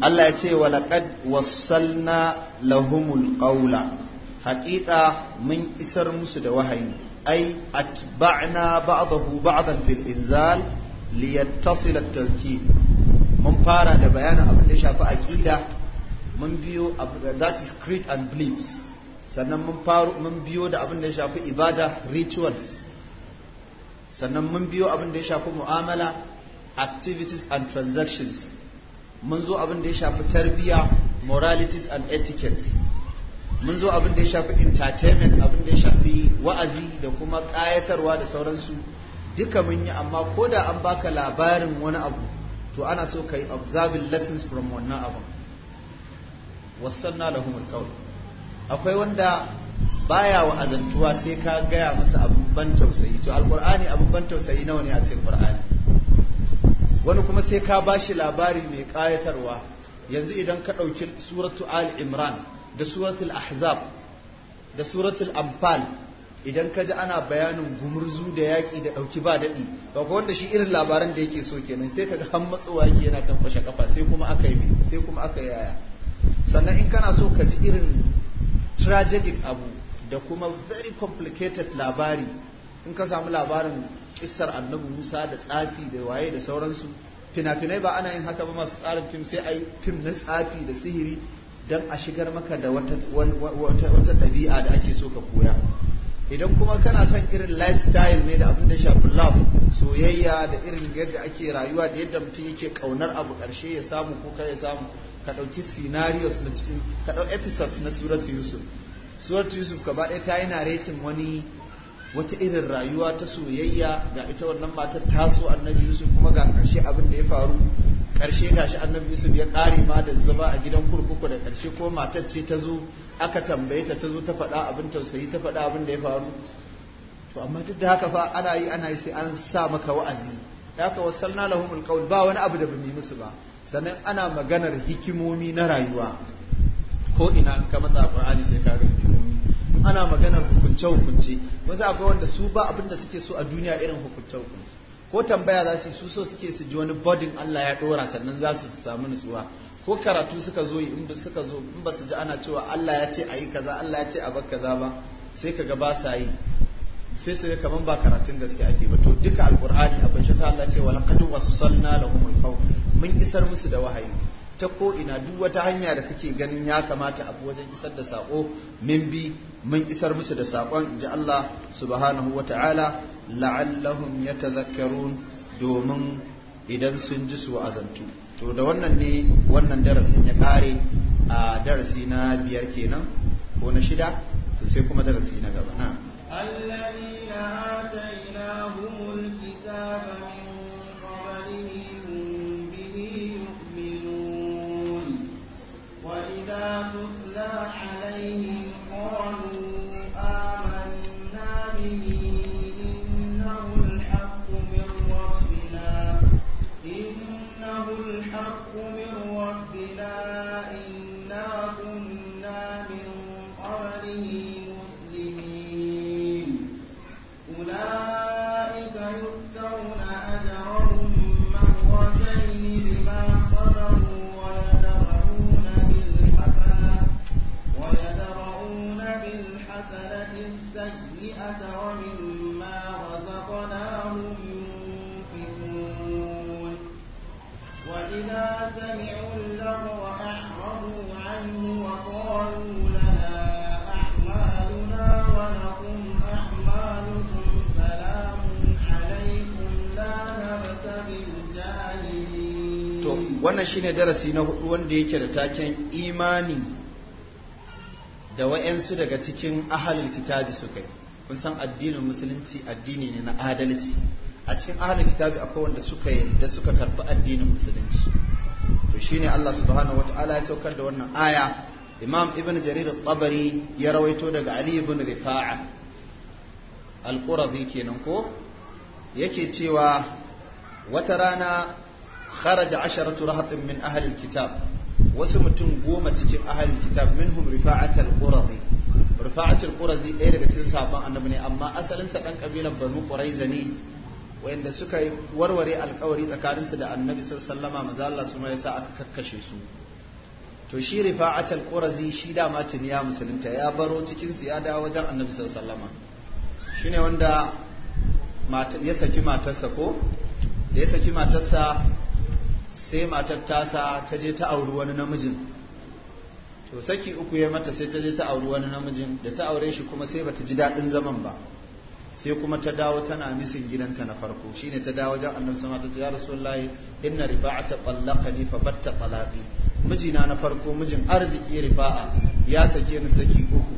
Allah ya ce wa laqad wassalna lahumul qawla haqiqa mun isar musu da wahayi ai atba'na ba'dahu ba'dan fil inzal liyattasila at-tadhkir mun fara da bayanin abin da ya shafi aqida mun biyo that is creed and beliefs sannan mun faru mun biyo da abin da ya shafi ibada rituals sannan mun biyo abin da ya shafi mu'amala activities and transactions mun zo abin da ya shafi tarbiya moralities and etiquettes mun zo abin da ya shafi entertainment abin da ya shafi wa'azi da kuma ƙayatarwa da sauransu duka mun yi amma ko da an baka labarin wani abu to ana so ka yi observing lessons from wannan abu wasanna lahumul qawl akwai wanda baya wa azantuwa sai ka gaya masa abun ban tausayi to alqur'ani abin ban tausayi nawa ne a cikin qur'ani wani kuma sai ka ba shi labari mai ƙayatarwa yanzu idan ka ɗauki suratu al imran da suratul ahzab da suratul anfal idan ka ji ana bayanin gumurzu da yaƙi da ɗauki ba daɗi ba wanda shi irin labaran da yake so kenan sai ka ga har matsowa yake yana tankwashe kafa sai kuma aka yi sai kuma aka yaya sannan in kana so ka ji irin tragic abu da kuma very complicated labari in ka samu labarin kissar annabi Musa da tsafi da waye da sauransu fina-finai ba ana yin haka ba masu tsarin fim sai a yi fim na tsafi da sihiri don a shigar maka da wata ɗabi'a da ake so ka koya idan kuma kana son irin lifestyle ne da abin da shafi love soyayya da irin yadda ake rayuwa da yadda mutum yake kaunar abu karshe ya samu ko kai ya samu ka ɗauki scenarios na cikin ka ɗau episodes na suratu yusuf suratu yusuf gaba ɗaya ta yi narrating wani wata irin rayuwa ta soyayya ga ita wannan matar taso annabi yusuf kuma ga karshe abin da ya faru karshe gashi annabi yusuf ya ƙare ma da zuba a gidan kurkuku da karshe ko matar ce ta zo aka tambaye ta ta zo ta faɗa abin tausayi ta faɗa abin da ya faru to amma duk da haka fa ana yi ana yi sai an sa maka wa'azi haka wasalna lahum alqawl ba wani abu da yi musu ba sannan ana maganar hikimomi na rayuwa ko ina ka matsa qur'ani sai ka ga hikimomi ana maganar hukunce hukunce wasu akwai wanda su ba abin da suke so a duniya irin hukunce hukunce ko tambaya za su su so suke su ji wani bodin Allah ya dora sannan za su samu nutsuwa ko karatu suka zo yi in suka zo in ba su ji ana cewa Allah ya ce ayi kaza Allah ya ce a bar kaza ba sai kaga ba sa yi sai su ga kaman ba karatun gaske ake ba to duka alqur'ani abin shi sai Allah ya ce wa laqad wassalna lahumul qawl mun isar musu da wahayi ta ko ina duk wata hanya da kake ganin ya kamata a wajen isar da sako min bi mun isar musu da sakon ji Allah subhanahu wata'ala la'allahum yatazakkarun domin idan sun ji su azantu to da wannan ne wannan darasin ya kare a darasi na biyar kenan ko na shida to sai kuma darasi na gaba na wannan shine darasi na hudu wanda yake da taken imani da wa'yansu daga cikin ahalul kitabi suka yi kun san addinin musulunci addini ne na adalci a cikin ahalul kitabi akwai wanda suka yarda suka karbi addinin musulunci to shine Allah subhanahu wataala ya saukar da wannan aya Imam Ibn Jarir al-Tabari ya rawaito daga Ali ibn Rifa'a al-Qurazi kenan ko yake cewa wata rana kharaja asharatu rahatin min ahlil kitab wasu mutum goma cikin ahlil kitab minhum rifa'atul qurazi rifa'atul qurazi ɗaya daga cikin sabon annabi ne amma asalin sa dan kabilar banu quraiza ne wanda suka warware alkawari tsakaninsu da annabi sallama maza Allah su yasa aka kakkashe su to shi rifa'atul qurazi shi dama tuniya musulunta ya baro cikin ya dawo wajen annabi sallama shine wanda ya saki matarsa ko da ya saki matarsa sai matar tasa ta je ta auri wani namijin to saki uku ya mata sai ta je ta auri wani namijin da ta aure shi kuma sai bata ji daɗin zaman ba sai kuma ta dawo tana misin gidanta na farko shine ta dawo wajen annabi sama ta ya rasulullahi inna rifa'ata qallaqani fa batta talaqi mijina na farko mijin arziki rifa'a ya sake ni saki uku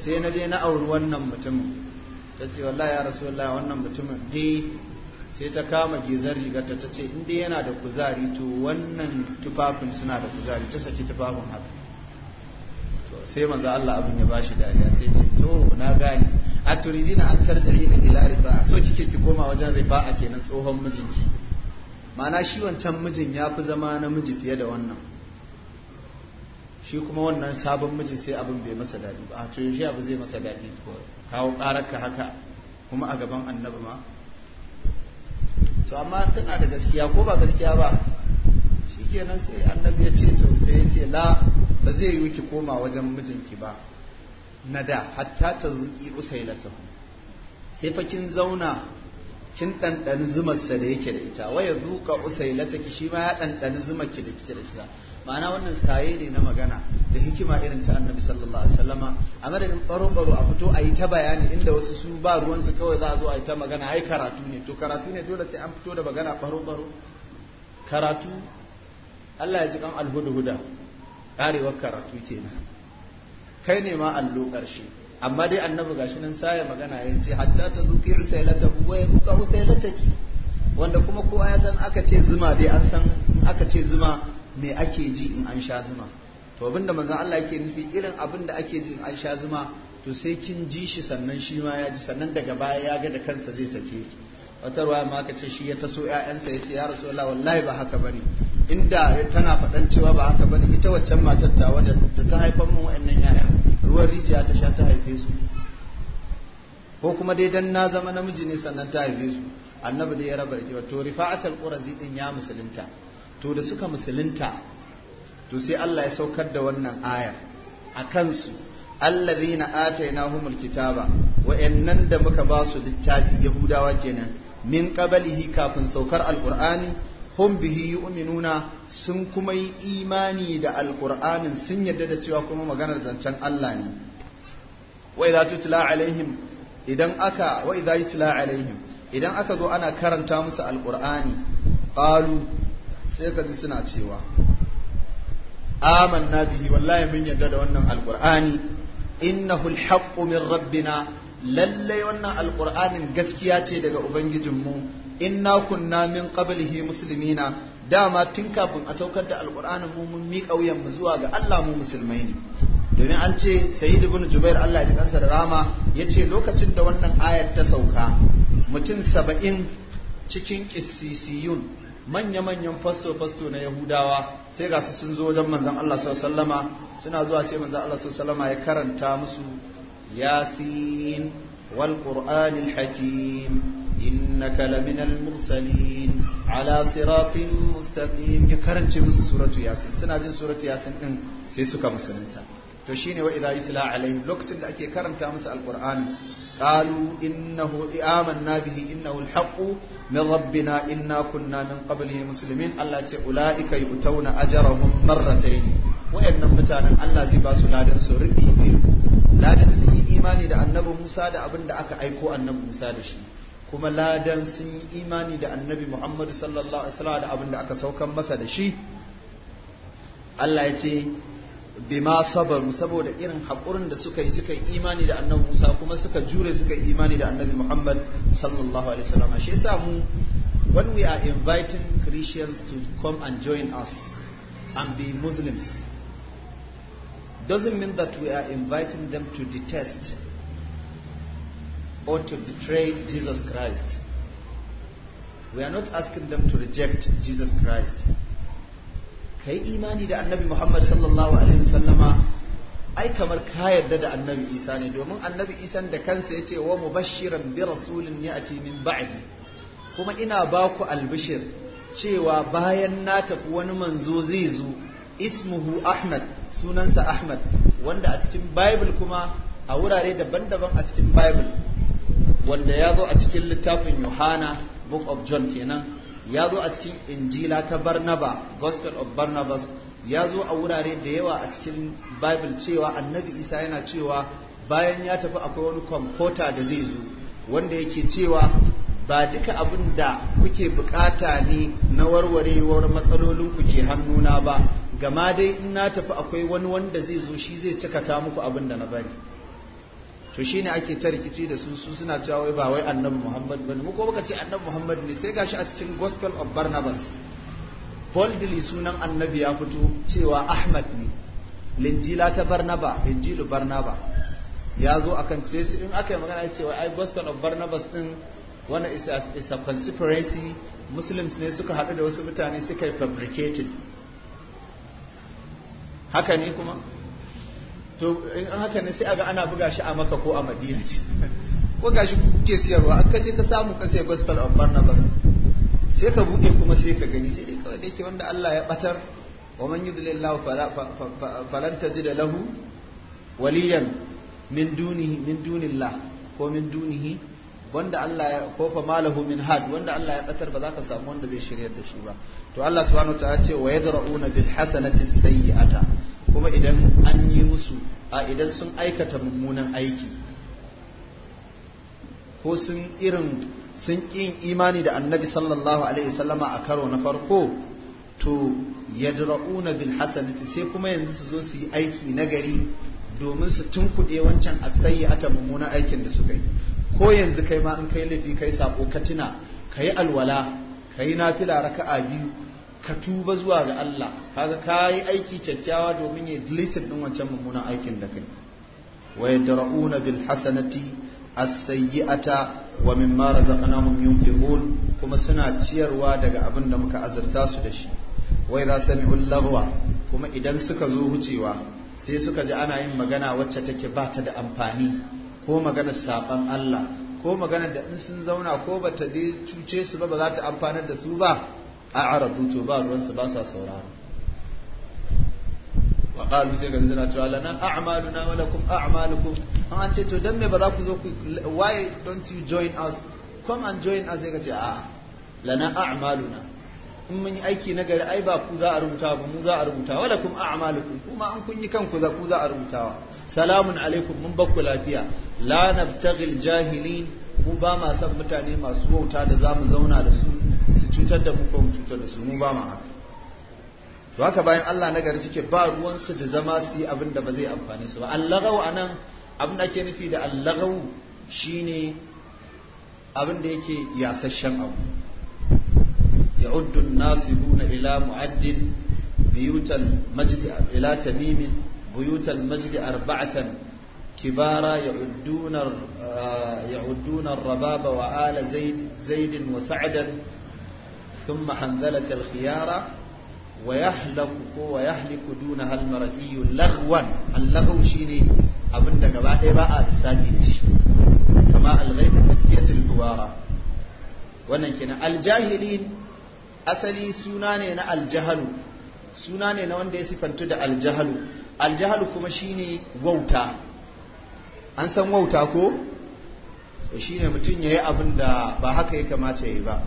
sai na je na auri wannan mutumin ta ce wallahi ya rasulullahi wannan mutumin dai sai ta kama gizar rigarta ta ce inda yana da kuzari to wannan tufafin suna da kuzari ta saki tufafin haka to sai manzo Allah abin ya bashi dariya sai ce to na gane a turidina an tarji'i da ila rifa so kike ki koma wajen rifa a kenan tsohon mijinki ma'ana shi wancan mijin ya fi zama namiji fiye da wannan shi kuma wannan sabon mijin sai abin bai masa daɗi ba a to shi abu zai masa daɗi kawo ƙararka haka kuma a gaban annabi ma to amma tana da gaskiya ko ba gaskiya ba shikenan sai annabi ya ce to sai ya ce la ba zai yi ki koma wajen mijinki ba na da hatta ta zuki sai fa kin zauna kin ɗanɗani zumarsa da yake da ita waya zuka usailataki shi ma ya ɗanɗani ki da kike da shi ma'ana wannan saye ne na magana da hikima irin ta annabi sallallahu alaihi wasallama a madadin baro baro a fito a yi ta bayani inda wasu su ba ruwansu kawai za a zo a yi ta magana ai karatu ne to karatu ne dole sai an fito da magana baro baro karatu Allah ya ji kan alhudhuda karewar karatu kenan kai ne ma allo karshe amma dai annabi gashi nan saye magana ya ce hatta ta zuki usailata buka yabuka ki wanda kuma kowa ya san aka ce zuma dai an san aka ce zuma me ake ji in an sha zuma to abinda manzon Allah yake nufi irin abin da ake ji in an sha zuma to sai kin ji shi sannan shi ma ya ji sannan daga baya ya ga da kansa zai sake ki wata ruwa ma ka ce shi ya taso ƴaƴansa ya ce ya rasulullah wallahi ba haka bane inda tana faɗan cewa ba haka bane ita waccan matar ta wadda ta haifar min wa'annan yaya ruwan rijiya ta sha ta haife su ko kuma dai dan na zama namiji ne sannan ta haife su annabi dai ya raba da to rifa'atul qurazi din ya musulunta to da suka musulunta to sai Allah ya saukar da wannan ayar a kansu allazina humul kitaba nan da muka ba su littafi yahudawa kenan min qablihi kafin saukar alqur'ani hum bihi yu'minuna sun kuma yi imani da alqur'anin sun yarda da cewa kuma maganar zancen Allah ne wa idza tutla alaihim idan aka wa idza yutla alaihim idan aka zo ana karanta musu alqur'ani qalu sai ka ji suna cewa amanna bihi wallahi mun yarda da wannan alqur'ani innahu alhaqqu min rabbina lallai wannan alqur'anin gaskiya ce daga ubangijin ubangijinmu inna kunna min qablihi muslimina dama tun kafin a saukar da alqur'ani mu mun miƙa wuyan mu zuwa ga Allah mu musulmai ne domin an ce sayyid ibn jubair Allah ya kansa da rama yace lokacin da wannan ayar ta sauka mutum saba'in cikin qissisiyun manya-manyan fasto-fasto na yahudawa sai ga su sun zo wajen manzan Allah sallama suna zuwa sai manzan Allah sallama ya karanta musu yasin wal qur'anil hakim innaka laminal mursalin ala siratin mustaqim ya karance musu suratu yasin suna jin suratu yasin ɗin sai suka musulunta to shine wa idza yutla alaihim lokacin da ake karanta musu alqur'ani qalu innahu amanna bihi innahu alhaqqu min rabbina inna kunna min qablihi muslimin Allah ce ulaika yutawna ajrahum marratayn wa'annan mutanen Allah zai ba su ladan su rubi biyu ladan sun yi imani da annabi Musa da abin da aka aiko annabi Musa da shi kuma ladan sun yi imani da annabi Muhammadu sallallahu alaihi wasallam da abin da aka saukan masa da shi Allah ya ce bima sabaru saboda irin haƙurin da suka yi suka yi imani da annabi Musa kuma suka jure suka yi imani da annabi Muhammad sallallahu alaihi wasallam shi yasa mu when we are inviting Christians to come and join us and be Muslims doesn't mean that we are inviting them to detest or to betray Jesus Christ. We are not asking them to reject Jesus Christ. ka imani da annabi muhammad sallallahu alaihi wasallama ai kamar ka yarda da annabi isa ne domin annabi isa da kansa ya ce wa mu mubashiran bi rasulin ya'ti min ba'di kuma ina ba ku albishir cewa bayan na tafi wani manzo zai zo ismuhu ahmad sunansa ahmad wanda a cikin bible kuma a wurare daban-daban a cikin bible wanda ya zo a cikin littafin yohana book of john kenan ya zo a cikin injila ta barnaba gospel of barnabas ya zo a wurare da yawa a cikin bible cewa annabi isa yana cewa bayan ya tafi akwai wani kwamfuta da zai zo wanda yake cewa ba duka abin da kuke bukata ne na warwarewar matsalolin ku ke hannuna ba gama dai in na tafi akwai wani wanda zai zo shi zai cikata muku abin da na bari to shi ne ake ta rikici da su su suna cewa wai ba wai annabi Muhammad bane mu ko muka ce annabi Muhammad ne sai gashi a cikin gospel of Barnabas boldly sunan annabi ya fito cewa Ahmad ne linjila ta Barnaba injilu Barnaba ya zo akan ce su in aka yi magana cewa ai gospel of Barnabas din wanda is a, conspiracy Muslims ne suka haɗu da wasu mutane suka yi fabricated haka ne kuma to in an haka ne sai aga ana buga shi a maka ko a madina ko shi kuke siyarwa an kace ka samu ka sai gospel of barnabas sai ka buɗe kuma sai ka gani sai dai kawai da yake wanda Allah ya batar wa man yudlillahu falan tajid lahu waliyan min dunihi min dunillah ko min dunihi wanda Allah ya ko fa malahu min had wanda Allah ya batar ba za ka samu wanda zai shiryar da shi ba to Allah subhanahu wa ta'ala ce wa yadra'una bil hasanati sayyi'ata kuma idan an yi musu a idan sun aikata mummunan aiki ko sun irin sun ƙin imani da annabi sallallahu alaihi sallama a karo na farko to yadra'una bil hasanati sai kuma yanzu su zo su yi aiki nagari domin su tunkuɗe wancan ata mummunan aikin da suka yi ko yanzu kai ma in kai lafi kai sako ka tuna ka yi alwala ka yi nafila raka'a biyu ka tuba zuwa ga Allah kaga ka yi aiki kyakkyawa domin ya deleted din wancan mummunan aikin da kai wa yadra'una bil hasanati as-sayyi'ata wa mimma razaqnahum yunfiqun kuma suna ciyarwa daga abin da muka azurta su da shi wa idza sami'u lagwa kuma idan suka zo hucewa sai suka ji ana yin magana wacce take ba ta da amfani ko maganar saban Allah ko maganar da in sun zauna ko bata je cuce su ba ba za ta amfanar da su ba a'radu to ba ruwansu ba sa saurara wa qalu sai ganin suna cewa lana a'maluna wa lakum a'malukum an ce to dan me ba za ku zo ku why don't you join us come and join us sai ka ce a'a lana a'maluna in mun yi aiki na gari ai ba ku za a rubuta ba mu za a rubuta wa lakum a'malukum kuma an kun yi kanku za ku za a rubutawa salamun alaikum mun bakku lafiya la nabtaghil jahilin mu ba ma san mutane masu wauta da zamu zauna da su su cutar da mu ko mu cutar da su mu ba mu haka to haka bayan Allah na gari suke ba ruwansu da zama su yi abin da ba zai amfani su ba allagaw anan abin da ake nufi da allagaw shine abin da yake yasasshen abu ya'uddun nasibuna ila mu'addin Biyutan majdi ila tamimin buyutal majdi arba'atan كبارا يعدون يعدون الرباب وآل زيد زيد وسعدا ثم حنظلة الخيارة ويحلق ويحلق دونها المرئي لغوا اللغو شيني abin da gaba ɗaya ba a lissafi da shi kama alghaita fatiyatul duwara wannan kenan aljahilin asali suna ne na aljahalu suna ne na wanda ya sifantu da aljahalu aljahalu kuma shine wauta an san wauta ko shine mutum yayi abin da ba haka ya kamata yayi ba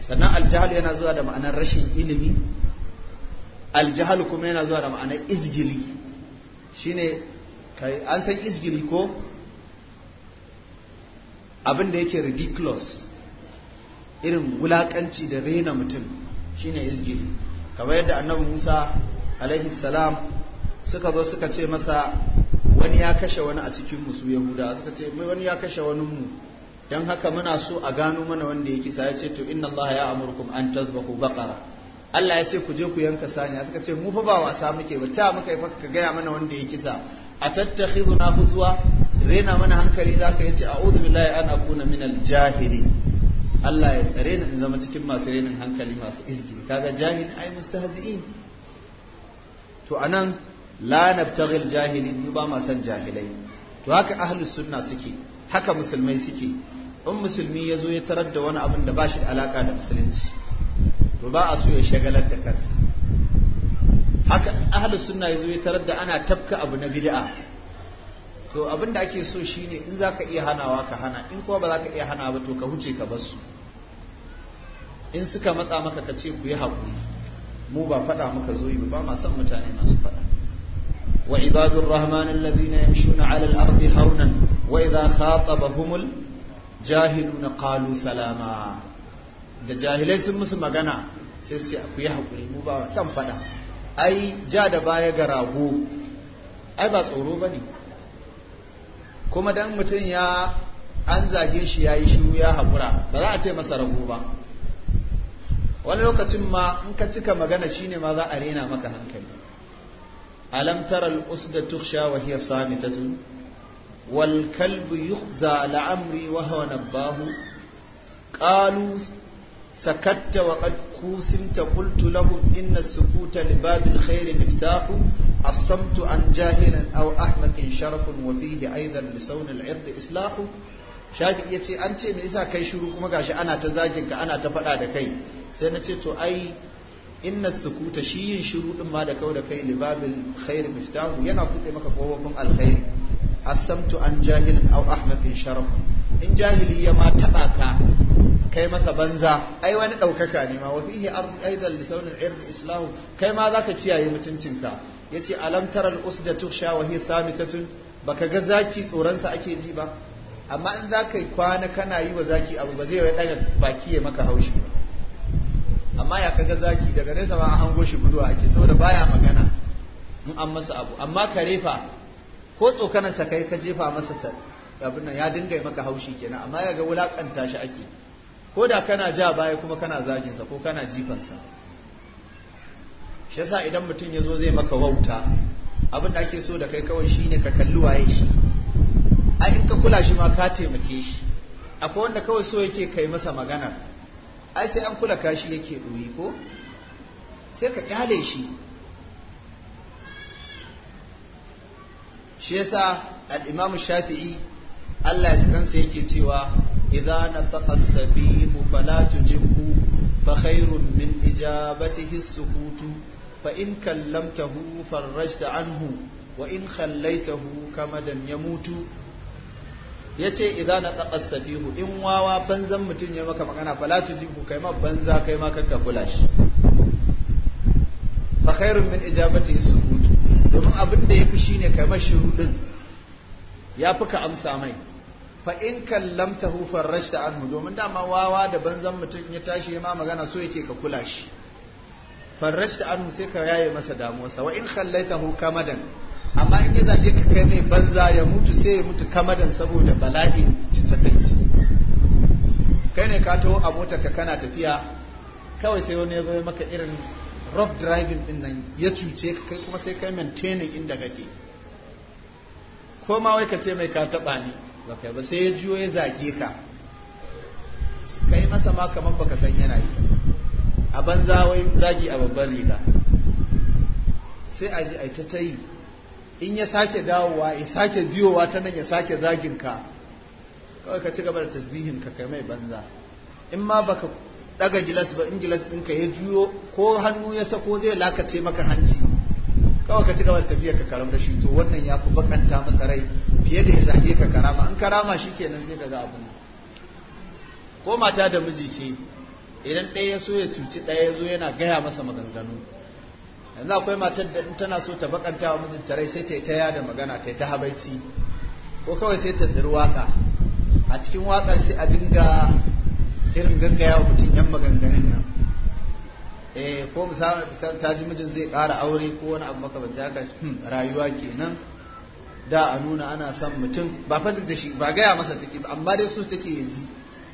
sannan aljahal yana zuwa da ma'anar rashin ilimi aljahal kuma yana zuwa da ma'anar izgili shine an san izgili ko abin da yake ridiculous irin wulakanci da rena mutum shine izgili kamar yadda annabi Musa alaihi salam suka zo suka ce masa wani ya kashe wani a cikin musu yahuda suka ce wani ya kashe wani mu don haka muna so a gano mana wanda ya kisa ya ce to inna Allah ya amurkum an tazbahu baqara Allah ya ce ku je ku yanka Sani. suka ce mu fa ba wasa muke ba ta muka yi ka gaya mana wanda ya kisa a tattakhiduna huzwa rena mana hankali zaka yace a'udhu billahi ana akuna minal jahili Allah ya tsare ni in zama cikin masu renin hankali masu izgi kaga jahili ai mustahzi'in to anan la nabtaghil jahili mu ba ma san jahilai to haka ahlus sunna suke haka musulmai suke in musulmi ya zo ya tarar da wani abin da ba shi da alaka da musulunci to ba a so ya shagalar da kansa haka ahlus sunna ya zo ya tarar da ana tafka abu na bid'a to abin da ake so shine in zaka iya hanawa ka hana in kuma ba za ka iya hana ba to ka huce ka bar su in suka matsa maka ka ce ku yi haƙuri mu ba faɗa muka zo yi ba ma san mutane masu faɗa wa ibadur rahman alladhina yamshuna 'ala al-ardi hawnan wa idha khatabahumul jahiluna qalu salama da jahilai sun musu magana sai sai ku yi hakuri mu ba san fada ai ja da baya ga rago ai ba tsoro bane kuma dan mutum ya an zage shi ya yi shiru ya haƙura ba za a ce masa rago ba wani lokacin ma in ka cika magana shine ma za a rena maka hankali alam tara usda tukhsha wa hiya samitatu والكلب يخزى لعمري وهو نباه قالوا سكت وقد كوسمت قلت لهم إن السكوت لباب الخير مفتاح الصمت عن جاهل أو أحمق شرف وفيه أيضا لسون العرض إصلاح shafi ya ce an ce me yasa kai shiru kuma gashi ana ta zagin ka ana ta faɗa da kai sai na ce to ai inna sukuta shi yin shiru din ma da kau da kai libabil khair miftahu yana buɗe maka kofofin alkhairi asamtu an jahilin au ahmafin sharafu in jahili ya ma taɓa ka kai masa banza ai wani ɗaukaka ne ma wafihi ardi aidan lisaunin irdi islahu kai ma zaka kiyaye mutuncinka yace alam taral usda tuksha wa tun samitatun baka ga zaki tsoronsa ake ji ba amma in za ka kwana kana yi wa zaki abu ba zai ɗaga baki ya maka haushi ba amma ya kaga zaki daga nesa ma a hango shi guduwa ake saboda baya magana in an masa abu amma karefa ko tsokanarsa kai ka jefa masa abin nan ya dinga yi maka haushi kenan amma ya ga wulakanta shi ake ko da kana ja baya kuma kana zagin sa ko kana jifansa shi yasa idan mutum ya zo zai maka wauta abin da ake so da kai kawai shine ka kalli waye shi a in ka kula shi ma ka taimake shi akwai wanda kawai so yake kai masa magana ai sai an kula kashi yake ɗoyi ko sai ka kyale shi shi yasa al-imam shafi'i Allah ya kansa yake cewa idza nataqa as-sabihu fala tujibhu fa khairun min ijabatihi as-sukutu fa in kallamtahu farajta anhu wa in khallaitahu kamadan yamutu yace idza nataqa as-sabihu in wawa banzan mutun ya maka magana fala tujibhu kai ma banza kai ma kanka kula shi fa khairun min ijabatihi as-sukutu domin abin da ya fi shi ne kai shiru ɗin ya fi ka amsa mai fa in kallamta hufar da anu domin dama wawa da banzan mutum ya tashi ya ma magana so yake ka kula shi da anhu sai ka yaye masa damuwarsa wa in hu kamadan amma in ya zage ka kai mai banza ya mutu sai ya mutu kamadan saboda bala'i ta kai kai ne ka taho a motar ka kana tafiya kawai sai wani ya zo maka irin rough driving din nan ya cuce ka kai kuma sai kai maintaining inda kake ko ma wai ka ce mai ka taba ni ba kai ba sai ya juyo ya zage ka kai masa ma kamar baka san yana yi a banza wai zagi a babban riga sai a ji a ta ta yi in ya sake dawowa ya sake biyowa ta nan ya sake zagin ka kawai ka ci gaba da tasbihin ka kai mai banza in ma baka daga gilas ba in gilas ɗinka ya juyo ko hannu ya sako zai lakace maka hanci kawai ka ci gaba da tafiyar ka karam da shi to wannan ya fi bakanta masa rai fiye da ya zage ka karama in karama shi kenan sai ka ga abin ko mata da miji ce idan ɗaya ya so ya cuci ɗaya ya zo yana gaya masa maganganu yanzu akwai matar da in tana so ta bakanta wa mijinta rai sai ta yi ta yada magana ta yi ta habaici ko kawai sai ta tsiri waka a cikin waƙar sai a dinga irin gaggaya wa mutum yan maganganun nan eh ko misali ta ji mijin zai kara aure ko wani abu bace haka hmm, rayuwa kenan da a nuna ana son mutum ba fadi da shi ba gaya masa take ba amma dai so take yanzu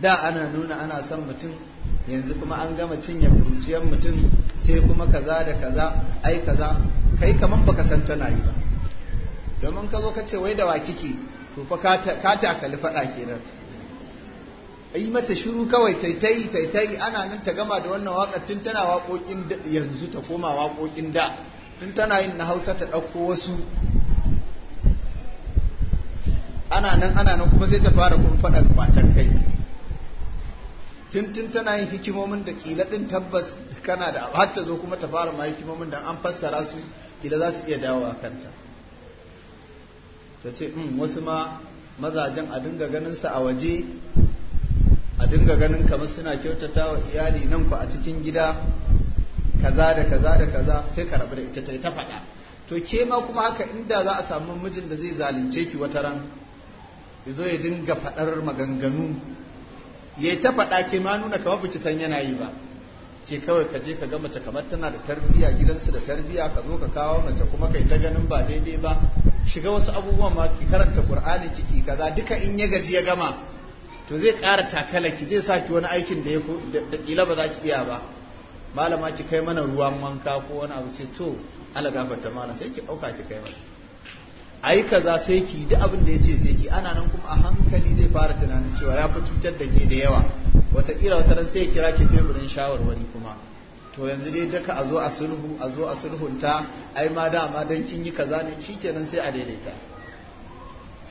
da ana nuna ana son mutum yanzu kuma an gama cinye kuruciyar mutum sai kuma kaza da kaza ai kaza kai kaman baka san tana yi ba domin ka zo ka ce wai da wa kike to fa ka ta kalifa faɗa kenan yi mata shiru kawai taitai taitai ana nan ta gama da wannan waka tun tana waƙoƙin yanzu ta koma waƙoƙin da tun tana yin na hausa ta ɗauko wasu ana nan ana nan kuma sai ta fara kun faɗa fatan kai tun tun tana yin hikimomin da ƙila ɗin tabbas kana da har ta zo kuma ta fara ma hikimomin da an fassara su ƙila za su iya dawowa kanta ta ce hmm, wasu ma mazajen a dinga ganin sa a waje a dinga ganin kamar suna kyautata wa iyali nan ku a cikin gida kaza da kaza da kaza sai ka rabu da ita ta faɗa to ke ma kuma haka inda za a samu mijin da zai zalunce ki wata ran ya zo ya dinga faɗar maganganu ya ta faɗa ke ma nuna kamar baki san yana yi ba ce kawai ka je ka ga mace kamar tana da tarbiyya gidansu da tarbiyya ka zo ka kawo mace kuma kai ta ganin ba daidai ba shiga wasu abubuwan ma ki karanta qur'ani kiki kaza duka in ya gaji ya gama to zai ƙara takala ki zai sa ki wani aikin da ya ƙila ba za ki iya ba malama ki kai mana ruwan wanka ko wani abu ce to ala gafarta mana sai ki ɗauka ki kai masa ayi kaza sai ki duk abin da ya ce sai ki ana nan kuma a hankali zai fara tunanin cewa ya fi cutar da ke da yawa wata wata ran sai ya kira ki teburin shawarwari kuma to yanzu dai daka a zo a sulhu a zo a sulhunta ai ma dama ma dan kin yi kaza ne shikenan sai a daidaita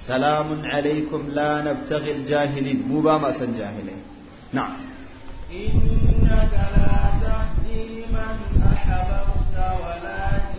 salamun alaikum la nabtaghil jahilin mu ba ma san jahilai na'am innaka la tahdi man ahbabta walakin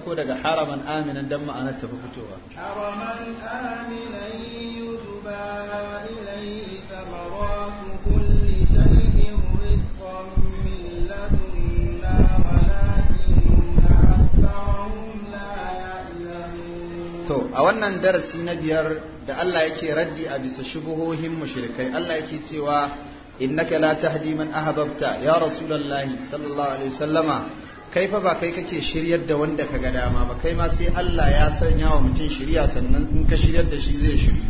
farko daga haraman aminan don ma'anar tafi fitowa haraman aminan yutuba ilayhi thamaratu kulli shay'in rizqan min ladunna walakinna aktharahum la ya'lamun to a wannan darasi na biyar da Allah yake raddi a bisa shubuhohin mushrikai Allah yake cewa innaka la tahdi man ahbabta ya rasulullahi sallallahu alaihi wasallama kai fa ba kai kake shiryar da wanda ka ga dama ba kai ma sai Allah ya sanya wa mutum shirya sannan in ka shiryar da shi zai shiri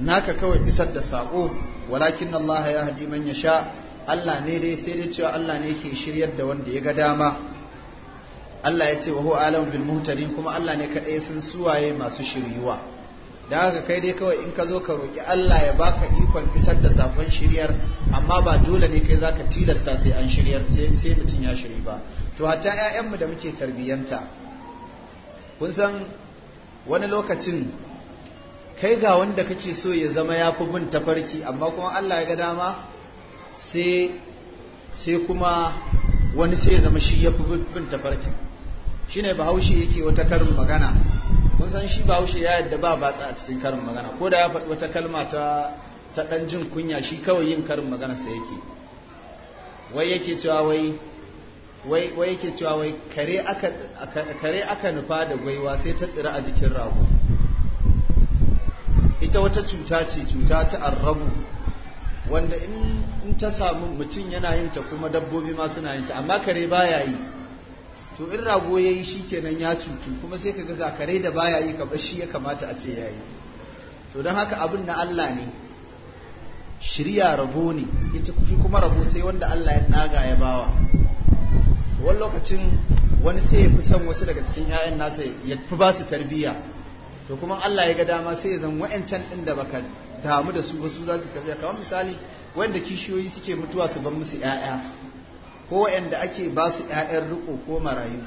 naka kawai isar da sako walakin Allah ya hadi man yasha Allah ne dai sai dai cewa Allah ne yake shiryar da wanda ya ga dama Allah ya ce wa huwa alam bil muhtadin kuma Allah ne kadai sun suwaye masu shiryuwa da haka kai dai kawai in ka zo ka roki Allah ya baka ikon isar da sakon shiryar amma ba dole ne kai zaka tilasta sai an shiryar sai mutum ya shiri ba to hatta ƴaƴanmu da muke tarbiyyanta kun san wani lokacin kai ga wanda kake so ya zama ya fi bin tafarki amma kuma Allah ya ga dama sai sai kuma wani sai ya zama shi ya fi bin tafarki Shi ne bahaushe yake wata karin magana kun san shi bahaushe ya yadda ba batsa a cikin karin magana ko da ya faɗi wata kalma ta ta ɗan jin kunya shi kawai yin karin magana sa yake wai yake cewa wai wai yake cewa wai kare aka nufa da gwaiwa sai ta tsira a jikin rago ita wata cuta ce cuta ta arrabu wanda in ta samu mutum yana yin ta kuma dabbobi ma suna yin ta amma kare baya yi to in rago ya yi shi kenan ya cutu kuma sai ka ga kare da baya yi ka shi ya kamata a ce ya yi to don haka abin na Allah ne shirya rabo ne ita kuma rabo sai wanda Allah ya tsaga ya bawa wani lokacin wani sai ya fi son wasu daga cikin 'ya'yan nasa ya fi ba su tarbiyya to kuma Allah ya ga dama sai ya zan wa'ancan ɗin da baka damu da su wasu za su tarbiyya kamar misali wanda kishiyoyi suke mutuwa su ban musu 'ya'ya ko wa'anda ake ba su 'ya'yan riko ko marayu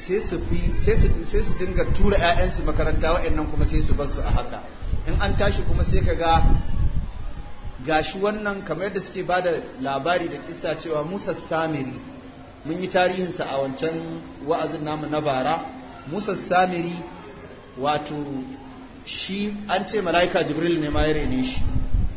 sai su dinga tura 'ya'yansu makaranta wa'annan kuma sai su bar su a haka in an tashi kuma sai ka ga gashi wannan kamar yadda suke ba da labari da kisa cewa Musa Samiri mun yi tarihinsa a wancan wa'azin namu na bara musa samiri wato shi an ce mala'ika jibril ne ma ya rene shi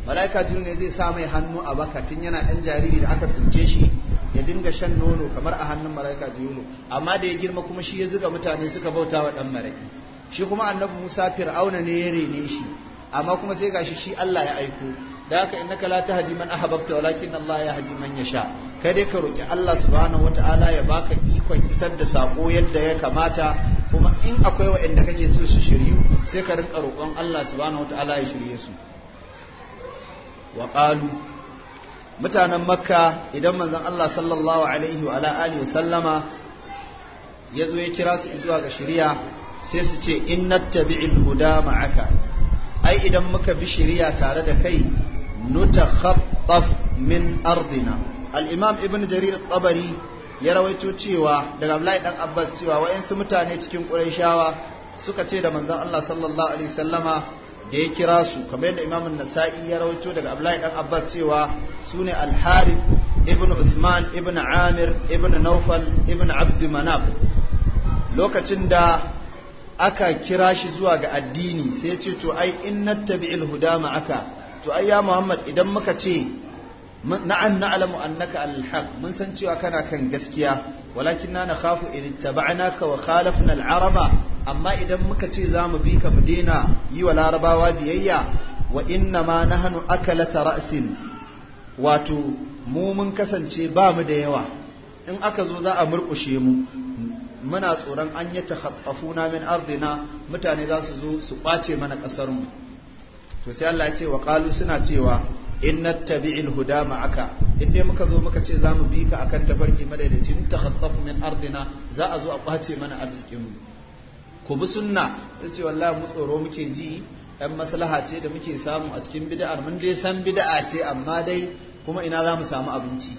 mala'ika jibril ne zai sa mai hannu a baka tun yana ɗan jariri da aka tsince shi ya dinga shan nono kamar a hannun mala'ika jibril amma da ya girma kuma shi ya zuga mutane suka bauta wa ɗan maraƙi shi kuma annabi musa fir'auna ne ya rene shi amma kuma sai gashi shi Allah ya aiko da haka innaka la tahdi man ahbabta walakin Allah ya hadi man yasha Kadai ka roki Allah subhanahu wataala ya baka ikon isar da sako yadda ya kamata kuma in akwai waɗanda kake so su shiryu sai ka rinka roƙon Allah subhanahu wataala ya shirye su wa qalu mutanen makka idan manzon Allah sallallahu alaihi wa alihi wa sallama ya zo ya kira su zuwa ga shari'a sai su ce in nattabi'il huda ma'aka ai idan muka bi shari'a tare da kai nutakhattaf min ardina Al'imam ibn jarir tsabari ya rawaito cewa daga abdullahi dan abbas cewa wayansu mutane cikin shawa suka ce da manzon Allah sallallahu alaihi wasallama da ya kira su kamar yadda imam nasai ya rawaito daga abdullahi dan abbas cewa sune al-harith ibn usman ibn amir ibn naufal ibn abd manaf lokacin da aka kira shi zuwa ga addini sai ya ce to ai in nattabi'il huda ma'aka to ai ya muhammad idan muka ce na'am na'lamu annaka al-haq mun san cewa kana kan gaskiya walakin na nakhafu in ittaba'naka wa khalafna al-araba amma idan muka ce zamu bi ka mu daina yi wa larabawa biyayya wa inna ma nahnu akalata ra'sin wato mu mun kasance ba mu da yawa in aka zo za a murkushe mu muna tsoron an yi takhaffafuna min ardina mutane za su zo su kwace mana kasar mu to sai Allah ya ce wa qalu suna cewa in nattabi'il huda ma'aka in dai muka zo muka ce mu bi ka akan tafarki madaidaci in takhattafu min ardina za a zo a kwace mana arzikin mu ku bi sunna ce wallahi mu tsoro muke ji ɗan maslaha ce da muke samu a cikin bida'ar mun dai san bida'a ce amma dai kuma ina za mu samu abinci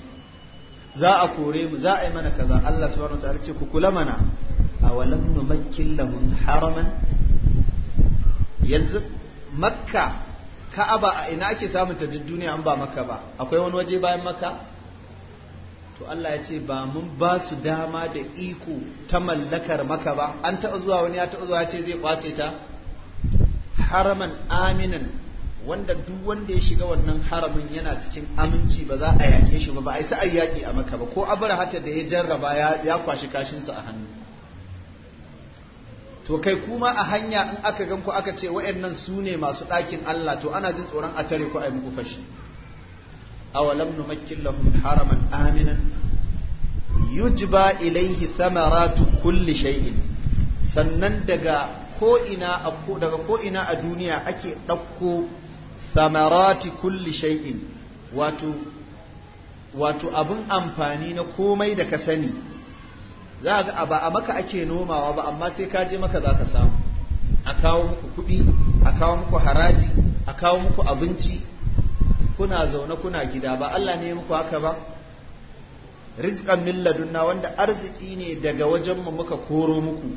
za a kore mu za a yi mana kaza Allah subhanahu wataala ce ku kula mana awalam numakkin lahum haraman yanzu makka ka'aba a ina ake samun ta duk duniya an ba maka ba akwai wani waje bayan maka to Allah ya ce ba mun ba su dama da iko ta mallakar maka ba an taɓa zuwa wani ya taɓa zuwa ce zai kwace ta haraman aminan wanda duk wanda ya shiga wannan haramin yana cikin aminci ba za a yaƙe shi ba ba a yi sa'ai yaƙi a maka ba ko abrahata da ya jarraba ya kwashi kashinsa a hannu to kai kuma a hanya in aka gan ku aka ce wa'annan su ne masu ɗakin Allah to ana jin tsoron a tare ku a yi muku fashi awalam numakkin lahum haraman aminan yujba ilaihi thamaratu kulli shay'in sannan daga ko ina daga ko ina a duniya ake ɗauko thamarati kulli shay'in wato wato abin amfani na komai da ka sani za a ga a ba a maka ake nomawa ba amma sai ka je maka za ka samu a kawo muku kuɗi a kawo muku haraji a kawo muku abinci kuna zaune kuna gida ba Allah ne muku haka ba rizqan min ladunna wanda arziki ne daga wajen mu muka koro muku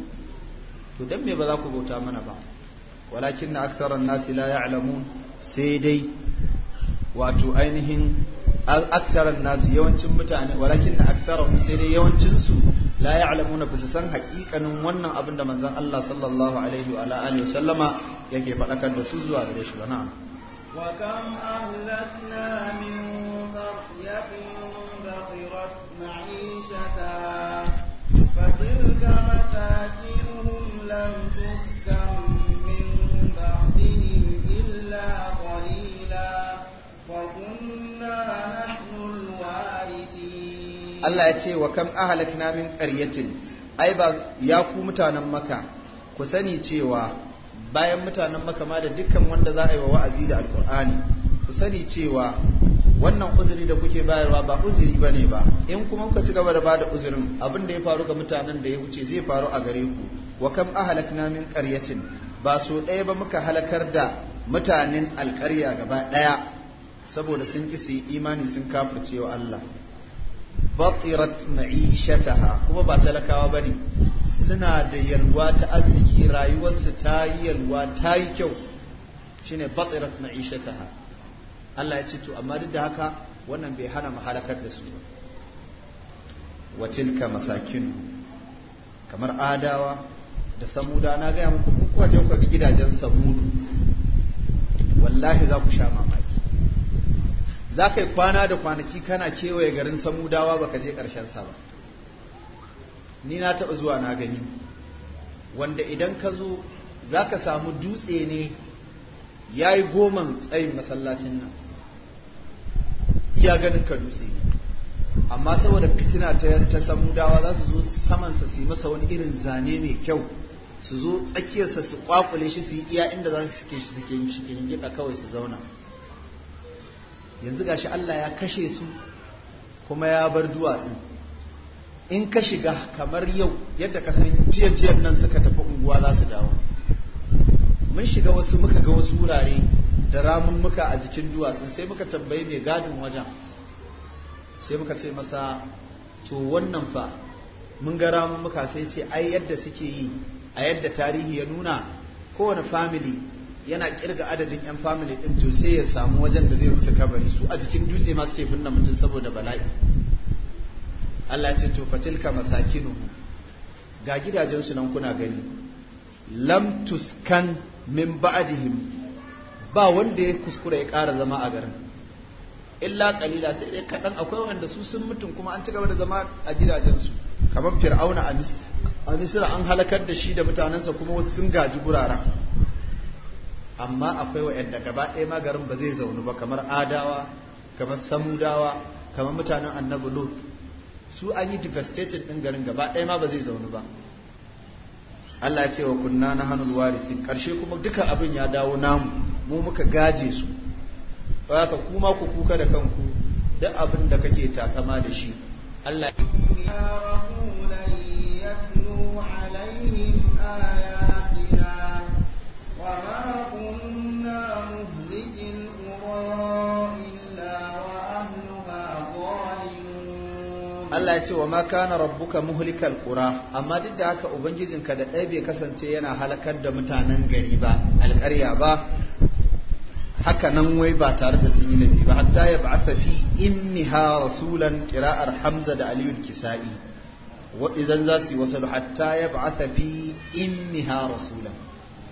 to dan me ba za ku bauta mana ba walakin aktharan nasi la ya'lamun sai dai wato ainihin aksaran nasu yawancin mutane walakin na aksarahum sai dai yawancin su la ya'lamuna ba san wannan abin da manzon Allah sallallahu alaihi wa alihi sallama yake faɗakar da su zuwa gare shi ba na'am wa kam ahlakna min qaryatin Allah ya ce wa kam ahalakna min qaryatin ai ba ya ku mutanen maka ku sani cewa bayan mutanen maka ma da dukkan wanda za a yi wa wa'azi da alqur'ani ku sani cewa wannan uzuri da kuke bayarwa ba uzuri bane ba in kuma kuka ci gaba da bada uzurin abin da ya faru ga mutanen da ya wuce zai faru a gare ku wa kam ahalakna min qaryatin ba so ɗaya ba muka halakar da mutanen alƙarya gaba ɗaya saboda sun ƙi su yi imani sun kafa cewa Allah batirat ma'ishataha kuma ba talakawa bane suna da yalwa ta arziki rayuwarsu ta yi yalwa ta yi kyau shine batirat ma'ishataha Allah ya ce to amma duk da haka wannan bai hana mu da su ba wa tilka masakin kamar adawa da samuda na gaya muku kuka je ku ga gidajen samudu wallahi za ku sha mamaki za ka yi kwana da kwanaki kana kewaye garin samudawa baka je ƙarshen sa ba ni na taɓa zuwa na gani wanda idan ka zo za ka samu dutse ne ya yi goman tsayin masallacin nan iya ganin ka dutse ne amma saboda fitina ta samudawa za su zo samansa su yi masa wani irin zane mai kyau su zo tsakiyarsa su kwakule shi su yi iya inda za su suke shi suke yin kawai su zauna yanzu ga shi Allah ya kashe su kuma ya bar duwatsu in ka shiga kamar yau yadda ka san jiyajiyar nan suka tafi unguwa za su dawo mun shiga wasu muka ga wasu wurare da ramun muka a jikin duwatsu sai muka tambayi mai gadin wajen sai muka ce masa to wannan fa mun ga ramun muka sai ce ai yadda suke yi a yadda tarihi ya nuna kowane family yana kirga adadin yan family din to sai ya samu wajen da zai rusa kabari su a jikin dutse ma suke binne mutum saboda bala'i Allah ce to fatilka masakinu ga gidajen su nan kuna gani lam tuskan min ba'dihim ba wanda ya kuskura ya ƙara zama a garin illa kalila sai dai kaɗan akwai wanda su sun mutum kuma an cigaba gaba da zama a gidajensu kamar fir'auna a misira an halakar da shi da mutanensa kuma wasu sun gaji guraren amma akwai wa'anda gaba ɗaya ma garin ba zai zaunu ba kamar adawa kamar samudawa kamar mutanen annabi lut su an yi devastating ɗin garin gaba ɗaya ma ba zai zaunu ba Allah ya ce wa kunna na hannun warisi ƙarshe kuma duka abin ya dawo namu mu muka gaje su ba ka kuma ku kuka da kanku duk abin da kake takama da shi Allah ya Allah ya ce wa ma kana rabbuka muhlikal qura amma duk da haka ubangijinka da ɗaya bai kasance yana halakar da mutanen gari ba alƙarya ba haka nan wai ba tare da sun yi nabi ba hatta ya ba'atha fi immiha rasulan qira'ar hamza da aliyu kisa'i wa idan za su yi wasu hatta ya ba'atha fi immiha rasulan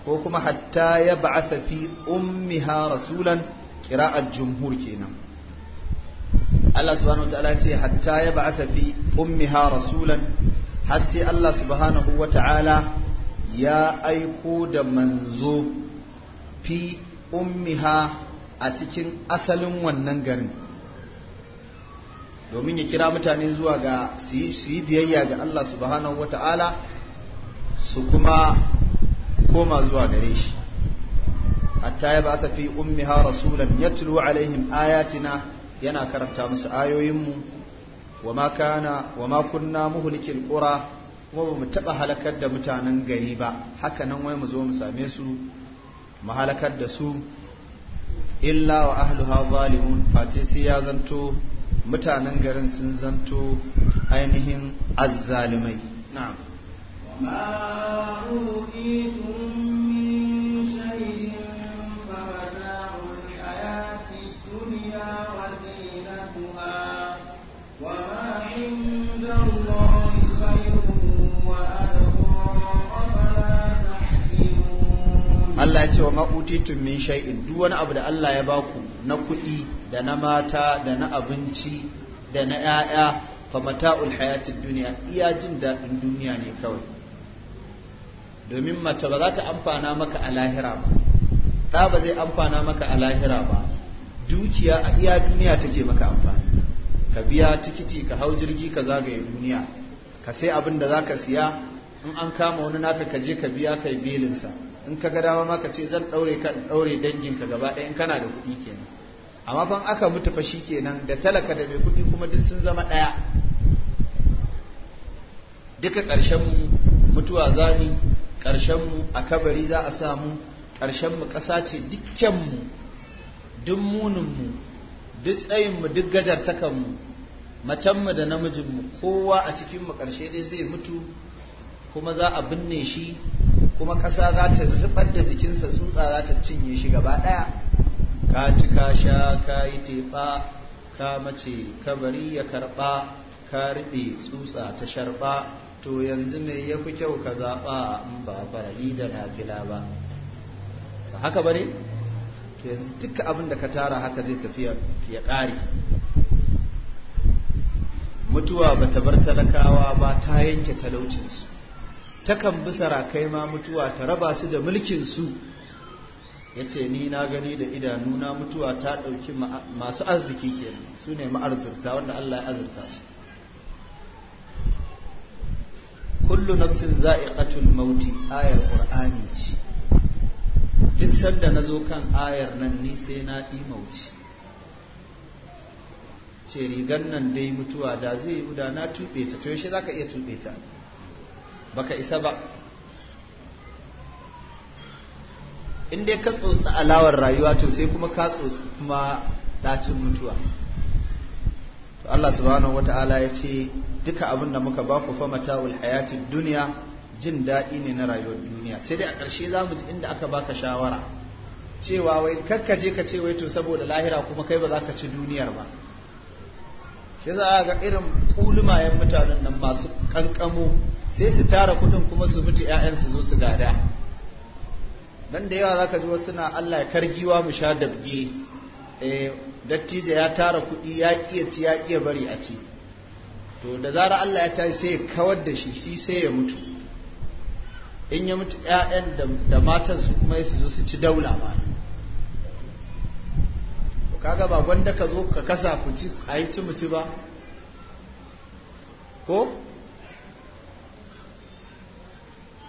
ko kuma hatta ya ba'atha fi ummiha rasulan qira'ar jumhur kenan Allah subhanahu wa ya ce hatta ya ba'atha bi ummiha rasulan har sai Allah subhanahu ta'ala ya aiko da manzo fi ummiha a cikin asalin wannan garin domin ya kira mutane zuwa ga su yi biyayya ga Allah subhanahu ta'ala su kuma koma zuwa gare shi hatta ya ba'atha fi ummiha rasulan yatlu alaihim ayatina yana karanta musu ayoyinmu wa ma kana wa ma kunna muhlikil qura kuma ba mu taɓa halakar da mutanen gari ba haka nan wai mu zo mu same su mu halakar da su illa wa ahluha zalimun face sai ya zanto mutanen garin sun zanto ainihin azzalimai na'am Allah ya ce wa ma'utitun min shay'in duk wani abu da Allah ya baku na kuɗi da na mata da na abinci da na 'ya'ya fa mata'ul hayatid duniya iya jin daɗin duniya ne kawai domin mace ba za ta amfana maka a lahira ba ɗa ba zai amfana maka a lahira ba dukiya a iya duniya take maka amfani ka biya tikiti ka hau jirgi ka zagaye duniya ka sai abin da za ka siya in an kama wani naka ka je ka biya kai belinsa in ka ga dama maka ce zan ɗaure ka in ɗaure danginka gaba ɗaya in kana da kuɗi kenan amma fa aka mutu fa shi kenan da talaka da mai kuɗi kuma duk sun zama ɗaya duka ƙarshen mutuwa zami ƙarshen mu a kabari za a samu ƙarshen mu ƙasa ce dukkan mu duk munin mu duk tsayin mu duk gajartakan mu macen mu da namijin mu kowa a cikin mu ƙarshe dai zai mutu kuma za a binne shi kuma ƙasa za ta rubar da jikinsa tsutsa za ta cinye shi gaba ɗaya ka ci ka sha ka yi tefa ka mace kabari ya karɓa ka riɓe tsutsa ta sharɓa to yanzu me ya fi kyau ka zaɓa ba farali da fila ba ba haka ba ne to yanzu duka abin da ka tara haka zai tafi ya ƙare mutuwa ba ta bar talakawa ba ta yanke talaucinsu takan bi sarakai ma mutuwa ta raba su da mulkin su ce ni na gani da idanu na mutuwa ta ɗauki masu arziki kenan su ne ma'arzurta wanda Allah ya azurta su kullu nafsin za'iqatul mauti ayar qur'ani ce duk sanda na zo kan ayar nan ni sai na ɗimauci ce rigan nan dai mutuwa da zai yi na tuɓe ta to yaushe za iya tuɓe ta baka isa ba in dai ka tsotsi alawar rayuwa to sai kuma ka tsotsi kuma ɗacin mutuwa to Allah subhanahu wata'ala ya ce duka abin da muka ba ku fa mata'ul hayatid duniya jin daɗi ne na rayuwar duniya sai dai a ƙarshe za mu ji inda aka baka shawara cewa wai kakka je ka ce wai to saboda lahira kuma kai ba za ka ci duniyar ba shi za ga irin kulumayen mutanen nan masu kankamo sai su tara kudin kuma su mutu ƴaƴan su zo su gada dan da yawa zaka ji wasu na Allah ya kargiwa mu sha dabge eh dattijo ya tara kudi ya kiya ci ya kiya bari a ci to da zarar Allah ya tashi sai ya kawar da shi shi sai ya mutu in ya mutu 'ya'yan da matan su kuma su zo su ci daula ma kaga ba gwanda ka zo ka kasa ku ci a yi ci mu ba ko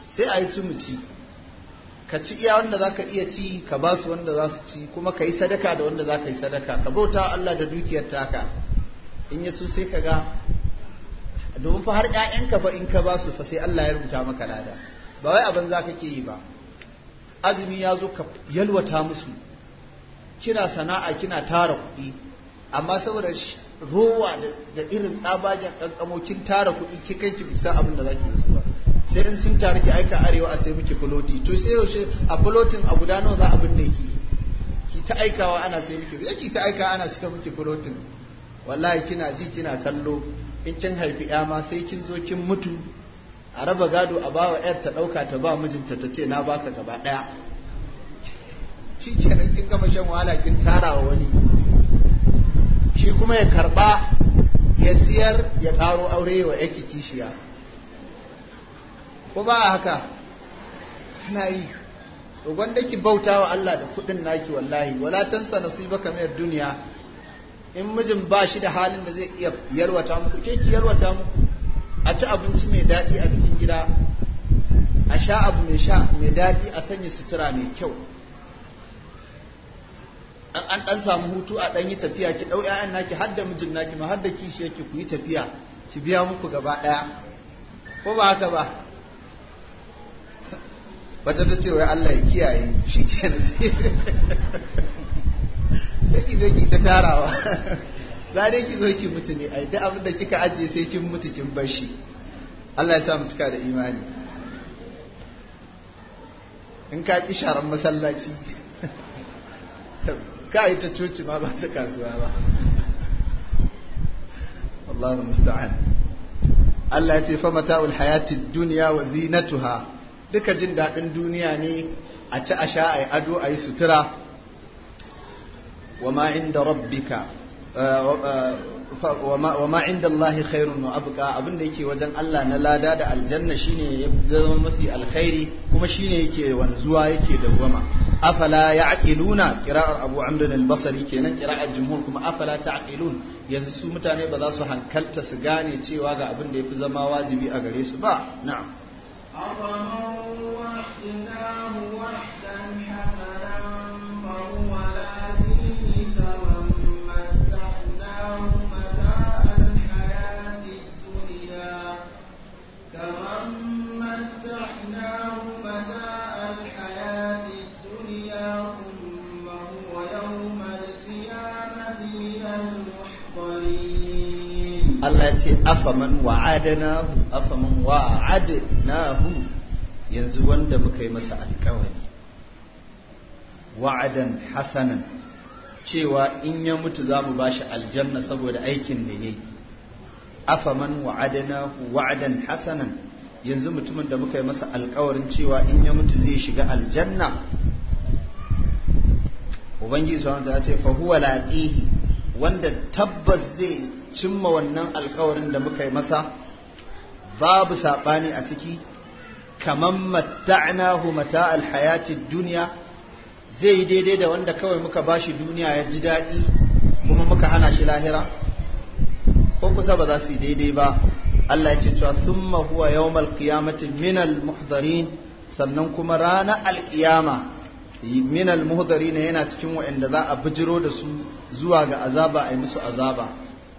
sai a yi ci mu ci ka ci iya wanda za ka iya ci ka ba su wanda za su ci kuma ka yi sadaka da wanda za ka yi sadaka ka bauta Allah da dukiyar taka in ya sosai sai ka ga domin fa har ƴaƴanka fa in ka ba su fa sai Allah ya rubuta maka lada ba wai abin za ka ke yi ba azumi ya zo ka yalwata musu kina sana'a kina tara kuɗi amma saboda rowa da irin tsabagen kankamo tara kuɗi ki kai ki fisa abin da zaki yi ba sai in sun taru ki aika arewa a sai muke fuloti to sai yaushe a fulotin a guda nawa za a binne ki ki ta aikawa ana sai muke ya ki ta aika ana suka muke fulotin wallahi kina ji kina kallo in kin haifi ya ma sai kin zo kin mutu a raba gado a bawa yar ta ɗauka ta ba mijinta ta ce na baka gaba ɗaya shi ce nan kin gama shan wahala kin tara wa wani shi kuma ya karba ya siyar ya karo aure wa yake kishiya ko ba haka ana yi gwanda ki bauta wa Allah da kudin naki wallahi wala tansa nasibaka mai duniya in mijin ba shi da halin da zai iya yarwata muku ke ki yarwata muku a ci abinci mai daɗi a cikin gida a sha abu mai sha mai daɗi a sanya sutura mai kyau an an dan samu hutu a dan yi tafiya ki dau ƴaƴan naki har da mijin naki ma har da kishi yake ku yi tafiya ki biya muku gaba daya ko ba haka ba wata ta ce wai Allah ya kiyaye shi kenan sai ki zo ki ta tarawa za dai ki zo ki mutu ne ai duk abin da kika ajiye sai kin mutu kin bar shi Allah ya sa mu cika da imani in ka ki sharan masallaci ka yi ta coci ma ba ta kasuwa ba Allahu musta'an Allah ya ce fa mata'ul hayatid dunya wa zinatuha duka jin daɗin duniya ne a ci a sha a ado a yi sutura wa ma inda rabbika eh, eh, wa ma inda Allah khairun wa abinda yake wajen Allah na lada da aljanna shine ya zama mafi alkhairi kuma shine yake wanzuwa yake goma. afala ya'qiluna qira'ar Abu Amr al-Basri kenan qira'ar jumhur kuma afala ta'qilun yanzu su mutane ba za su hankalta su gane cewa ga abin da yafi zama wajibi a gare su ba na'am أَفَمَنْ وَحْدَهُ وَحْدًا حَسَنًا فَهُوَ Allah ce afaman wa'adnahu afaman wa'adnahu yanzu wanda muka yi masa alƙawari wa'adan hasanan cewa in ya mutu za mu bashi aljanna saboda aikin da yayi afaman wa'adnahu wa'adan hasanan yanzu mutumin da muka yi masa alƙawarin cewa in ya mutu zai shiga aljanna ubangiji subhanahu wa ta'ala ce fa huwa laqihi wanda tabbas zai cimma wannan alkawarin da muka yi masa babu saɓani a ciki kamar matta'nahu mata alhayati duniya zai yi daidai da wanda kawai muka bashi duniya ya ji daɗi kuma muka hana shi lahira ko kusa ba za su yi daidai ba Allah ya ce cewa thumma huwa yawmal qiyamati minal muhdarin sannan kuma rana alkiyama minal muhdarin yana cikin waɗanda za a bijiro da su zuwa ga azaba a musu azaba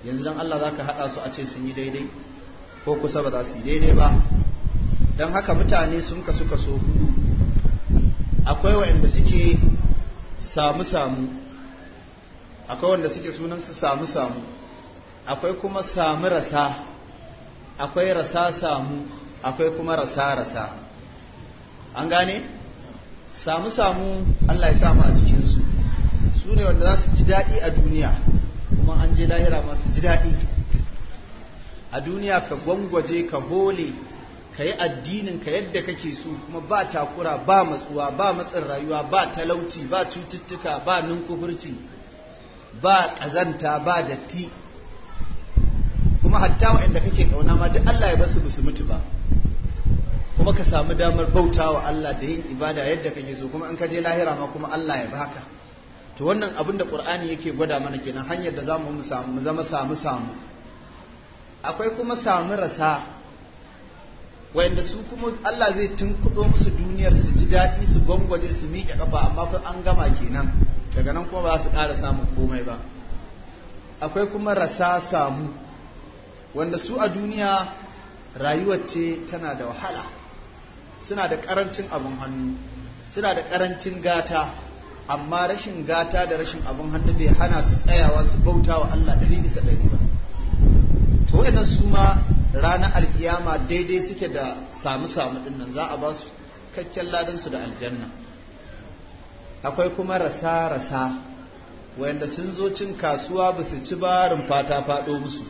yanzu dan Allah zaka hada su a ce sun yi daidai ko kusa ba za su yi daidai ba don haka mutane sun kasu kaso hudu akwai waɗanda suke samu samu akwai wanda suke sunan su samu samu akwai kuma samu rasa akwai rasa samu akwai kuma rasa rasa an gane samu samu Allah ya samu a cikinsu su ne wanda za su ji daɗi a duniya kuma an je lahira masu ji daɗi a duniya ka gwangwaje ka bole, ka yi addinin ka yadda kake so kuma ba takura ba matsuwa ba matsin rayuwa ba talauci ba cututtuka ba ninkufurci ba ƙazanta ba datti kuma hatta waɗanda kake ƙauna ma duk Allah ya su basu mutu ba kuma ka samu damar bautawa Allah da yin ibada yadda kake so kuma in ka je lahira ma kuma Allah ya baka to wannan abin da ƙur'ani yake gwada mana kenan hanyar da za mu zama samu samu akwai kuma samu rasa wanda su kuma Allah zai tunkudo musu duniyar su ji daɗi su gwangwaje su miƙe kafa amma fa an gama kenan daga nan kuma ba su ƙara samun komai ba akwai kuma rasa samu wanda su a duniya rayuwar ce tana da wahala suna da ƙarancin abin hannu suna da ƙarancin gata amma rashin gata da rashin abin hannu bai hana su tsayawa su bauta wa Allah ɗari bisa ɗari ba to waɗannan su ma ranar alkiyama daidai suke da samu samu ɗin nan za a ba su kakken ladan su da aljanna akwai kuma rasa rasa wayanda sun zo cin kasuwa ba su ci barin fata faɗo musu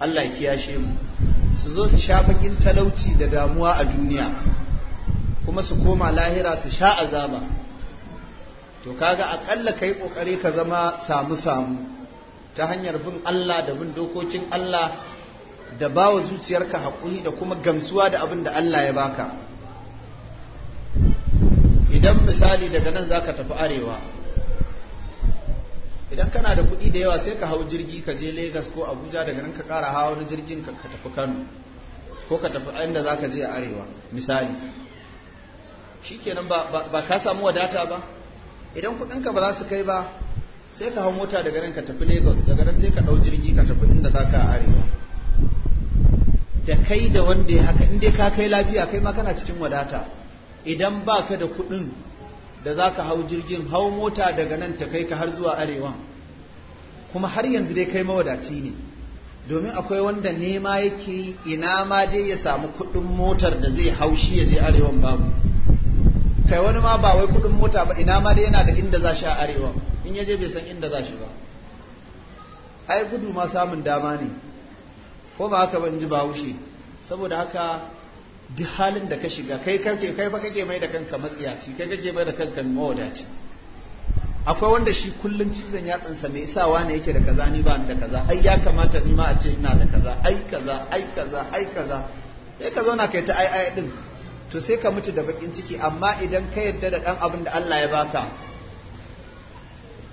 Allah ya kiyashe mu su zo su sha bakin talauci da damuwa a duniya kuma su koma lahira su sha azaba to kaga akalla kai kokari ka zama samu samu ta hanyar bin Allah da bin dokokin Allah da bawa zuciyarka hakuri da kuma gamsuwa da abin da Allah ya baka idan misali daga nan zaka tafi arewa idan kana da kuɗi da yawa sai ka hau jirgi ka je Lagos ko Abuja daga nan ka ƙara hawa wani jirgin ka tafi Kano ko ka tafi inda zaka je a arewa misali shi kenan ba ka samu wadata ba idan kuɗinka ba za su kai ba sai ka hau mota daga nan ka tafi Lagos daga nan sai ka ɗau jirgi ka tafi inda za ka arewa da kai da wanda ya haka inda ka kai lafiya kai ma kana cikin wadata idan ba ka da kuɗin da za ka hau jirgin hau mota daga nan ta kai ka har zuwa arewa kuma har yanzu dai kai mawadaci ne domin akwai wanda nema yake ina ma dai ya samu kuɗin motar da zai hau shi ya je arewan babu kai wani ma ba wai kuɗin mota ba ina ma dai yana da inda za shi a arewa in ya je bai san inda za shi ba ai gudu ma samun dama ne ko ba haka in ji ba wushe. saboda haka duk halin da ka shiga kai kake kai fa kake mai da kanka matsiyaci kai kake mai da kanka mawadaci akwai wanda shi kullun cizon yatsansa mai isa wane yake da kaza ni ba da kaza ai ya kamata ni ma a ce ina da kaza ai kaza ai kaza ai kaza sai ka zauna kai ta ai ai din to sai ka mutu da bakin ciki amma idan ka yadda da ɗan abin da Allah ya baka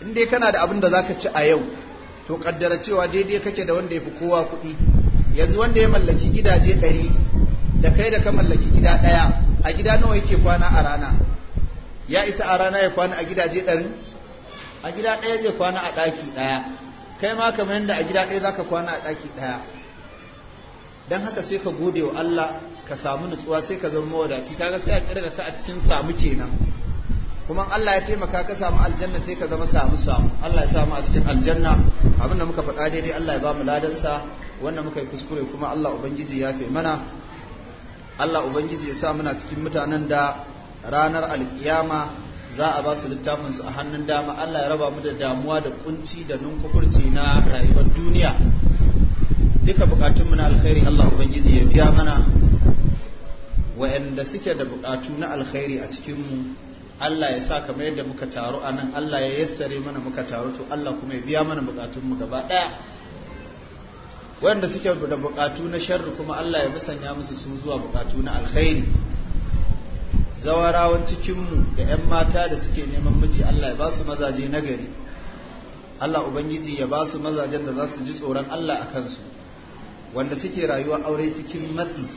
in dai kana da abin da zaka ci a yau to kaddara cewa daidai kake da wanda ya fi kowa kuɗi yanzu wanda ya mallaki gidaje ɗari da kai da ka mallaki gida ɗaya a gida nawa yake kwana a rana ya isa a rana ya kwana a gidaje ɗari a gida ɗaya zai kwana a ɗaki ɗaya kai ma kamar yadda a gida ɗaya zaka kwana a ɗaki ɗaya don haka sai ka gode wa Allah ka samu nutsuwa sai ka zama wadaci kaga sai a kirga ka a cikin samu kenan kuma Allah ya taimaka ka samu aljanna sai ka zama samu samu Allah ya samu a cikin aljanna abin da muka faɗa daidai Allah ya ba mu ladansa wannan muka yi kuskure kuma Allah ubangiji ya fi mana Allah ubangiji ya sa muna cikin mutanen da ranar alkiyama za a ba su littafin su a hannun dama Allah ya raba mu da damuwa da kunci da nunkukurci na rayuwar duniya duka bukatunmu na alkhairi Allah ubangiji ya biya mana wa'anda suke da bukatu na alkhairi a cikinmu Allah ya sa kamar yadda muka taru a nan Allah ya yassare mana muka taru to Allah kuma ya biya mana bukatunmu gaba ɗaya wa'anda suke da bukatu na sharri kuma Allah ya musanya musu su zuwa bukatu na alkhairi zawarawan cikinmu da 'yan mata da suke neman miji Allah ya ba su mazaje na gari Allah Ubangiji ya ba su mazajen da za su ji tsoron Allah a kansu wanda suke rayuwa aure cikin matsi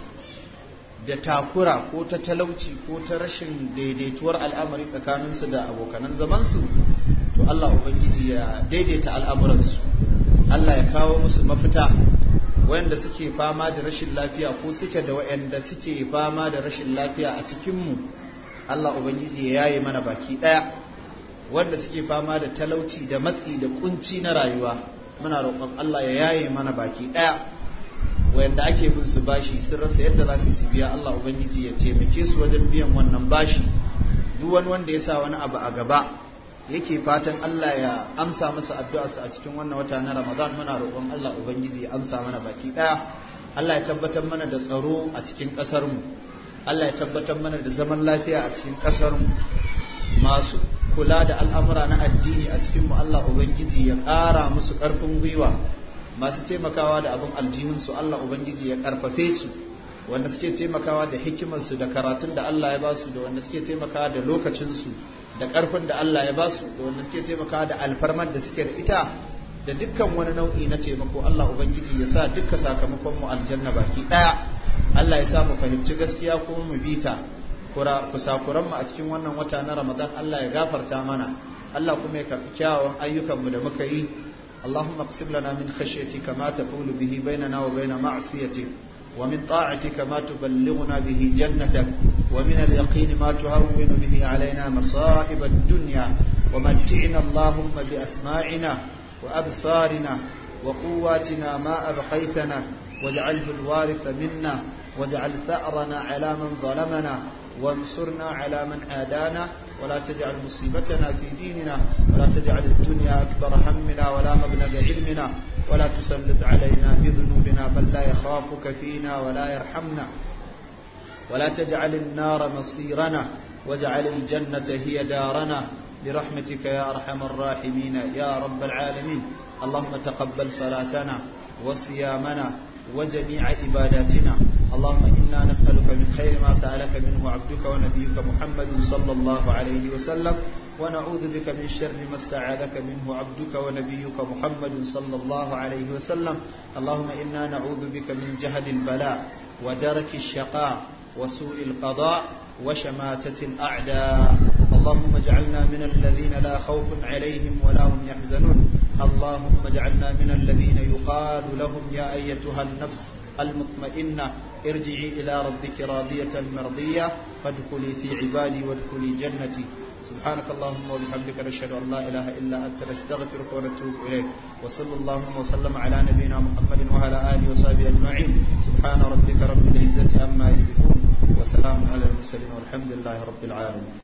da takura ko ta talauci ko ta rashin daidaituwar al'amari tsakaninsu da abokanan zamansu to Allah Ubangiji ya daidaita al'amuransu Allah ya kawo musu mafita wayanda suke fama da rashin lafiya ko suke da wayanda suke fama da rashin lafiya a cikinmu Allah Ubangiji ya yaye mana baki ɗaya wanda suke fama da talauci da matsi da kunci na rayuwa muna roƙon Allah ya yaye mana baki ɗaya wayanda ake bin su bashi sun rasa yadda za su biya Allah ubangiji ya taimake su wajen biyan wannan bashi duk wani wanda ya sa wani abu a gaba yake fatan Allah ya amsa masa addu'arsa a cikin wannan wata na Ramadan muna roƙon Allah ubangiji ya amsa mana baki ɗaya. Allah ya tabbatar mana da tsaro a cikin ƙasar mu Allah ya tabbatar mana da zaman lafiya a cikin ƙasar mu masu kula da al'amura na addini a cikin mu Allah ubangiji ya ƙara musu ƙarfin gwiwa masu taimakawa da abin aljihunsu Allah Ubangiji ya karfafe su wanda suke taimakawa da hikimarsu da karatun da Allah ya basu da wanda suke taimakawa da lokacinsu da karfin da Allah ya basu da wanda suke taimakawa da alfarmar da suke da ita da dukkan wani nau'i na taimako Allah Ubangiji ya sa dukka sakamakon aljanna baki ɗaya. Allah ya sa mu fahimci gaskiya kuma mu bita kura kusakuran mu a cikin wannan wata na Ramadan Allah ya gafarta mana Allah kuma ya karbi kyawawan ayyukan mu da muka yi اللهم اقسم لنا من خشيتك ما تحول به بيننا وبين معصيتك ومن طاعتك ما تبلغنا به جنتك ومن اليقين ما تهون به علينا مصائب الدنيا ومتعنا اللهم بأسماعنا وأبصارنا وقواتنا ما أبقيتنا واجعله الوارث منا واجعل ثأرنا على من ظلمنا وانصرنا على من آدانا ولا تجعل مصيبتنا في ديننا ولا تجعل الدنيا أكبر همنا ولا مبلغ علمنا ولا تسلط علينا بذنوبنا من لا يخافك فينا ولا يرحمنا ولا تجعل النار مصيرنا واجعل الجنة هي دارنا برحمتك يا أرحم الراحمين يا رب العالمين اللهم تقبل صلاتنا وصيامنا وجميع عباداتنا اللهم إنا نسألك من خير ما سألك منه عبدك ونبيك محمد صلى الله عليه وسلم ونعوذ بك من شر ما استعاذك منه عبدك ونبيك محمد صلى الله عليه وسلم اللهم إنا نعوذ بك من جهل البلاء ودرك الشقاء وسوء القضاء وشماتة الأعداء اللهم اجعلنا من الذين لا خوف عليهم ولا هم يحزنون اللهم اجعلنا من الذين يقال لهم يا أيتها النفس المطمئنة ارجعي إلى ربك راضية مرضية فادخلي في عبادي وادخلي جنتي سبحانك اللهم وبحمدك نشهد أن لا إله إلا أنت نستغفرك ونتوب إليك وصلى اللهم وسلم على نبينا محمد وعلى آله وصحبه أجمعين سبحان ربك رب العزة عما يصفون وسلام على المرسلين والحمد لله رب العالمين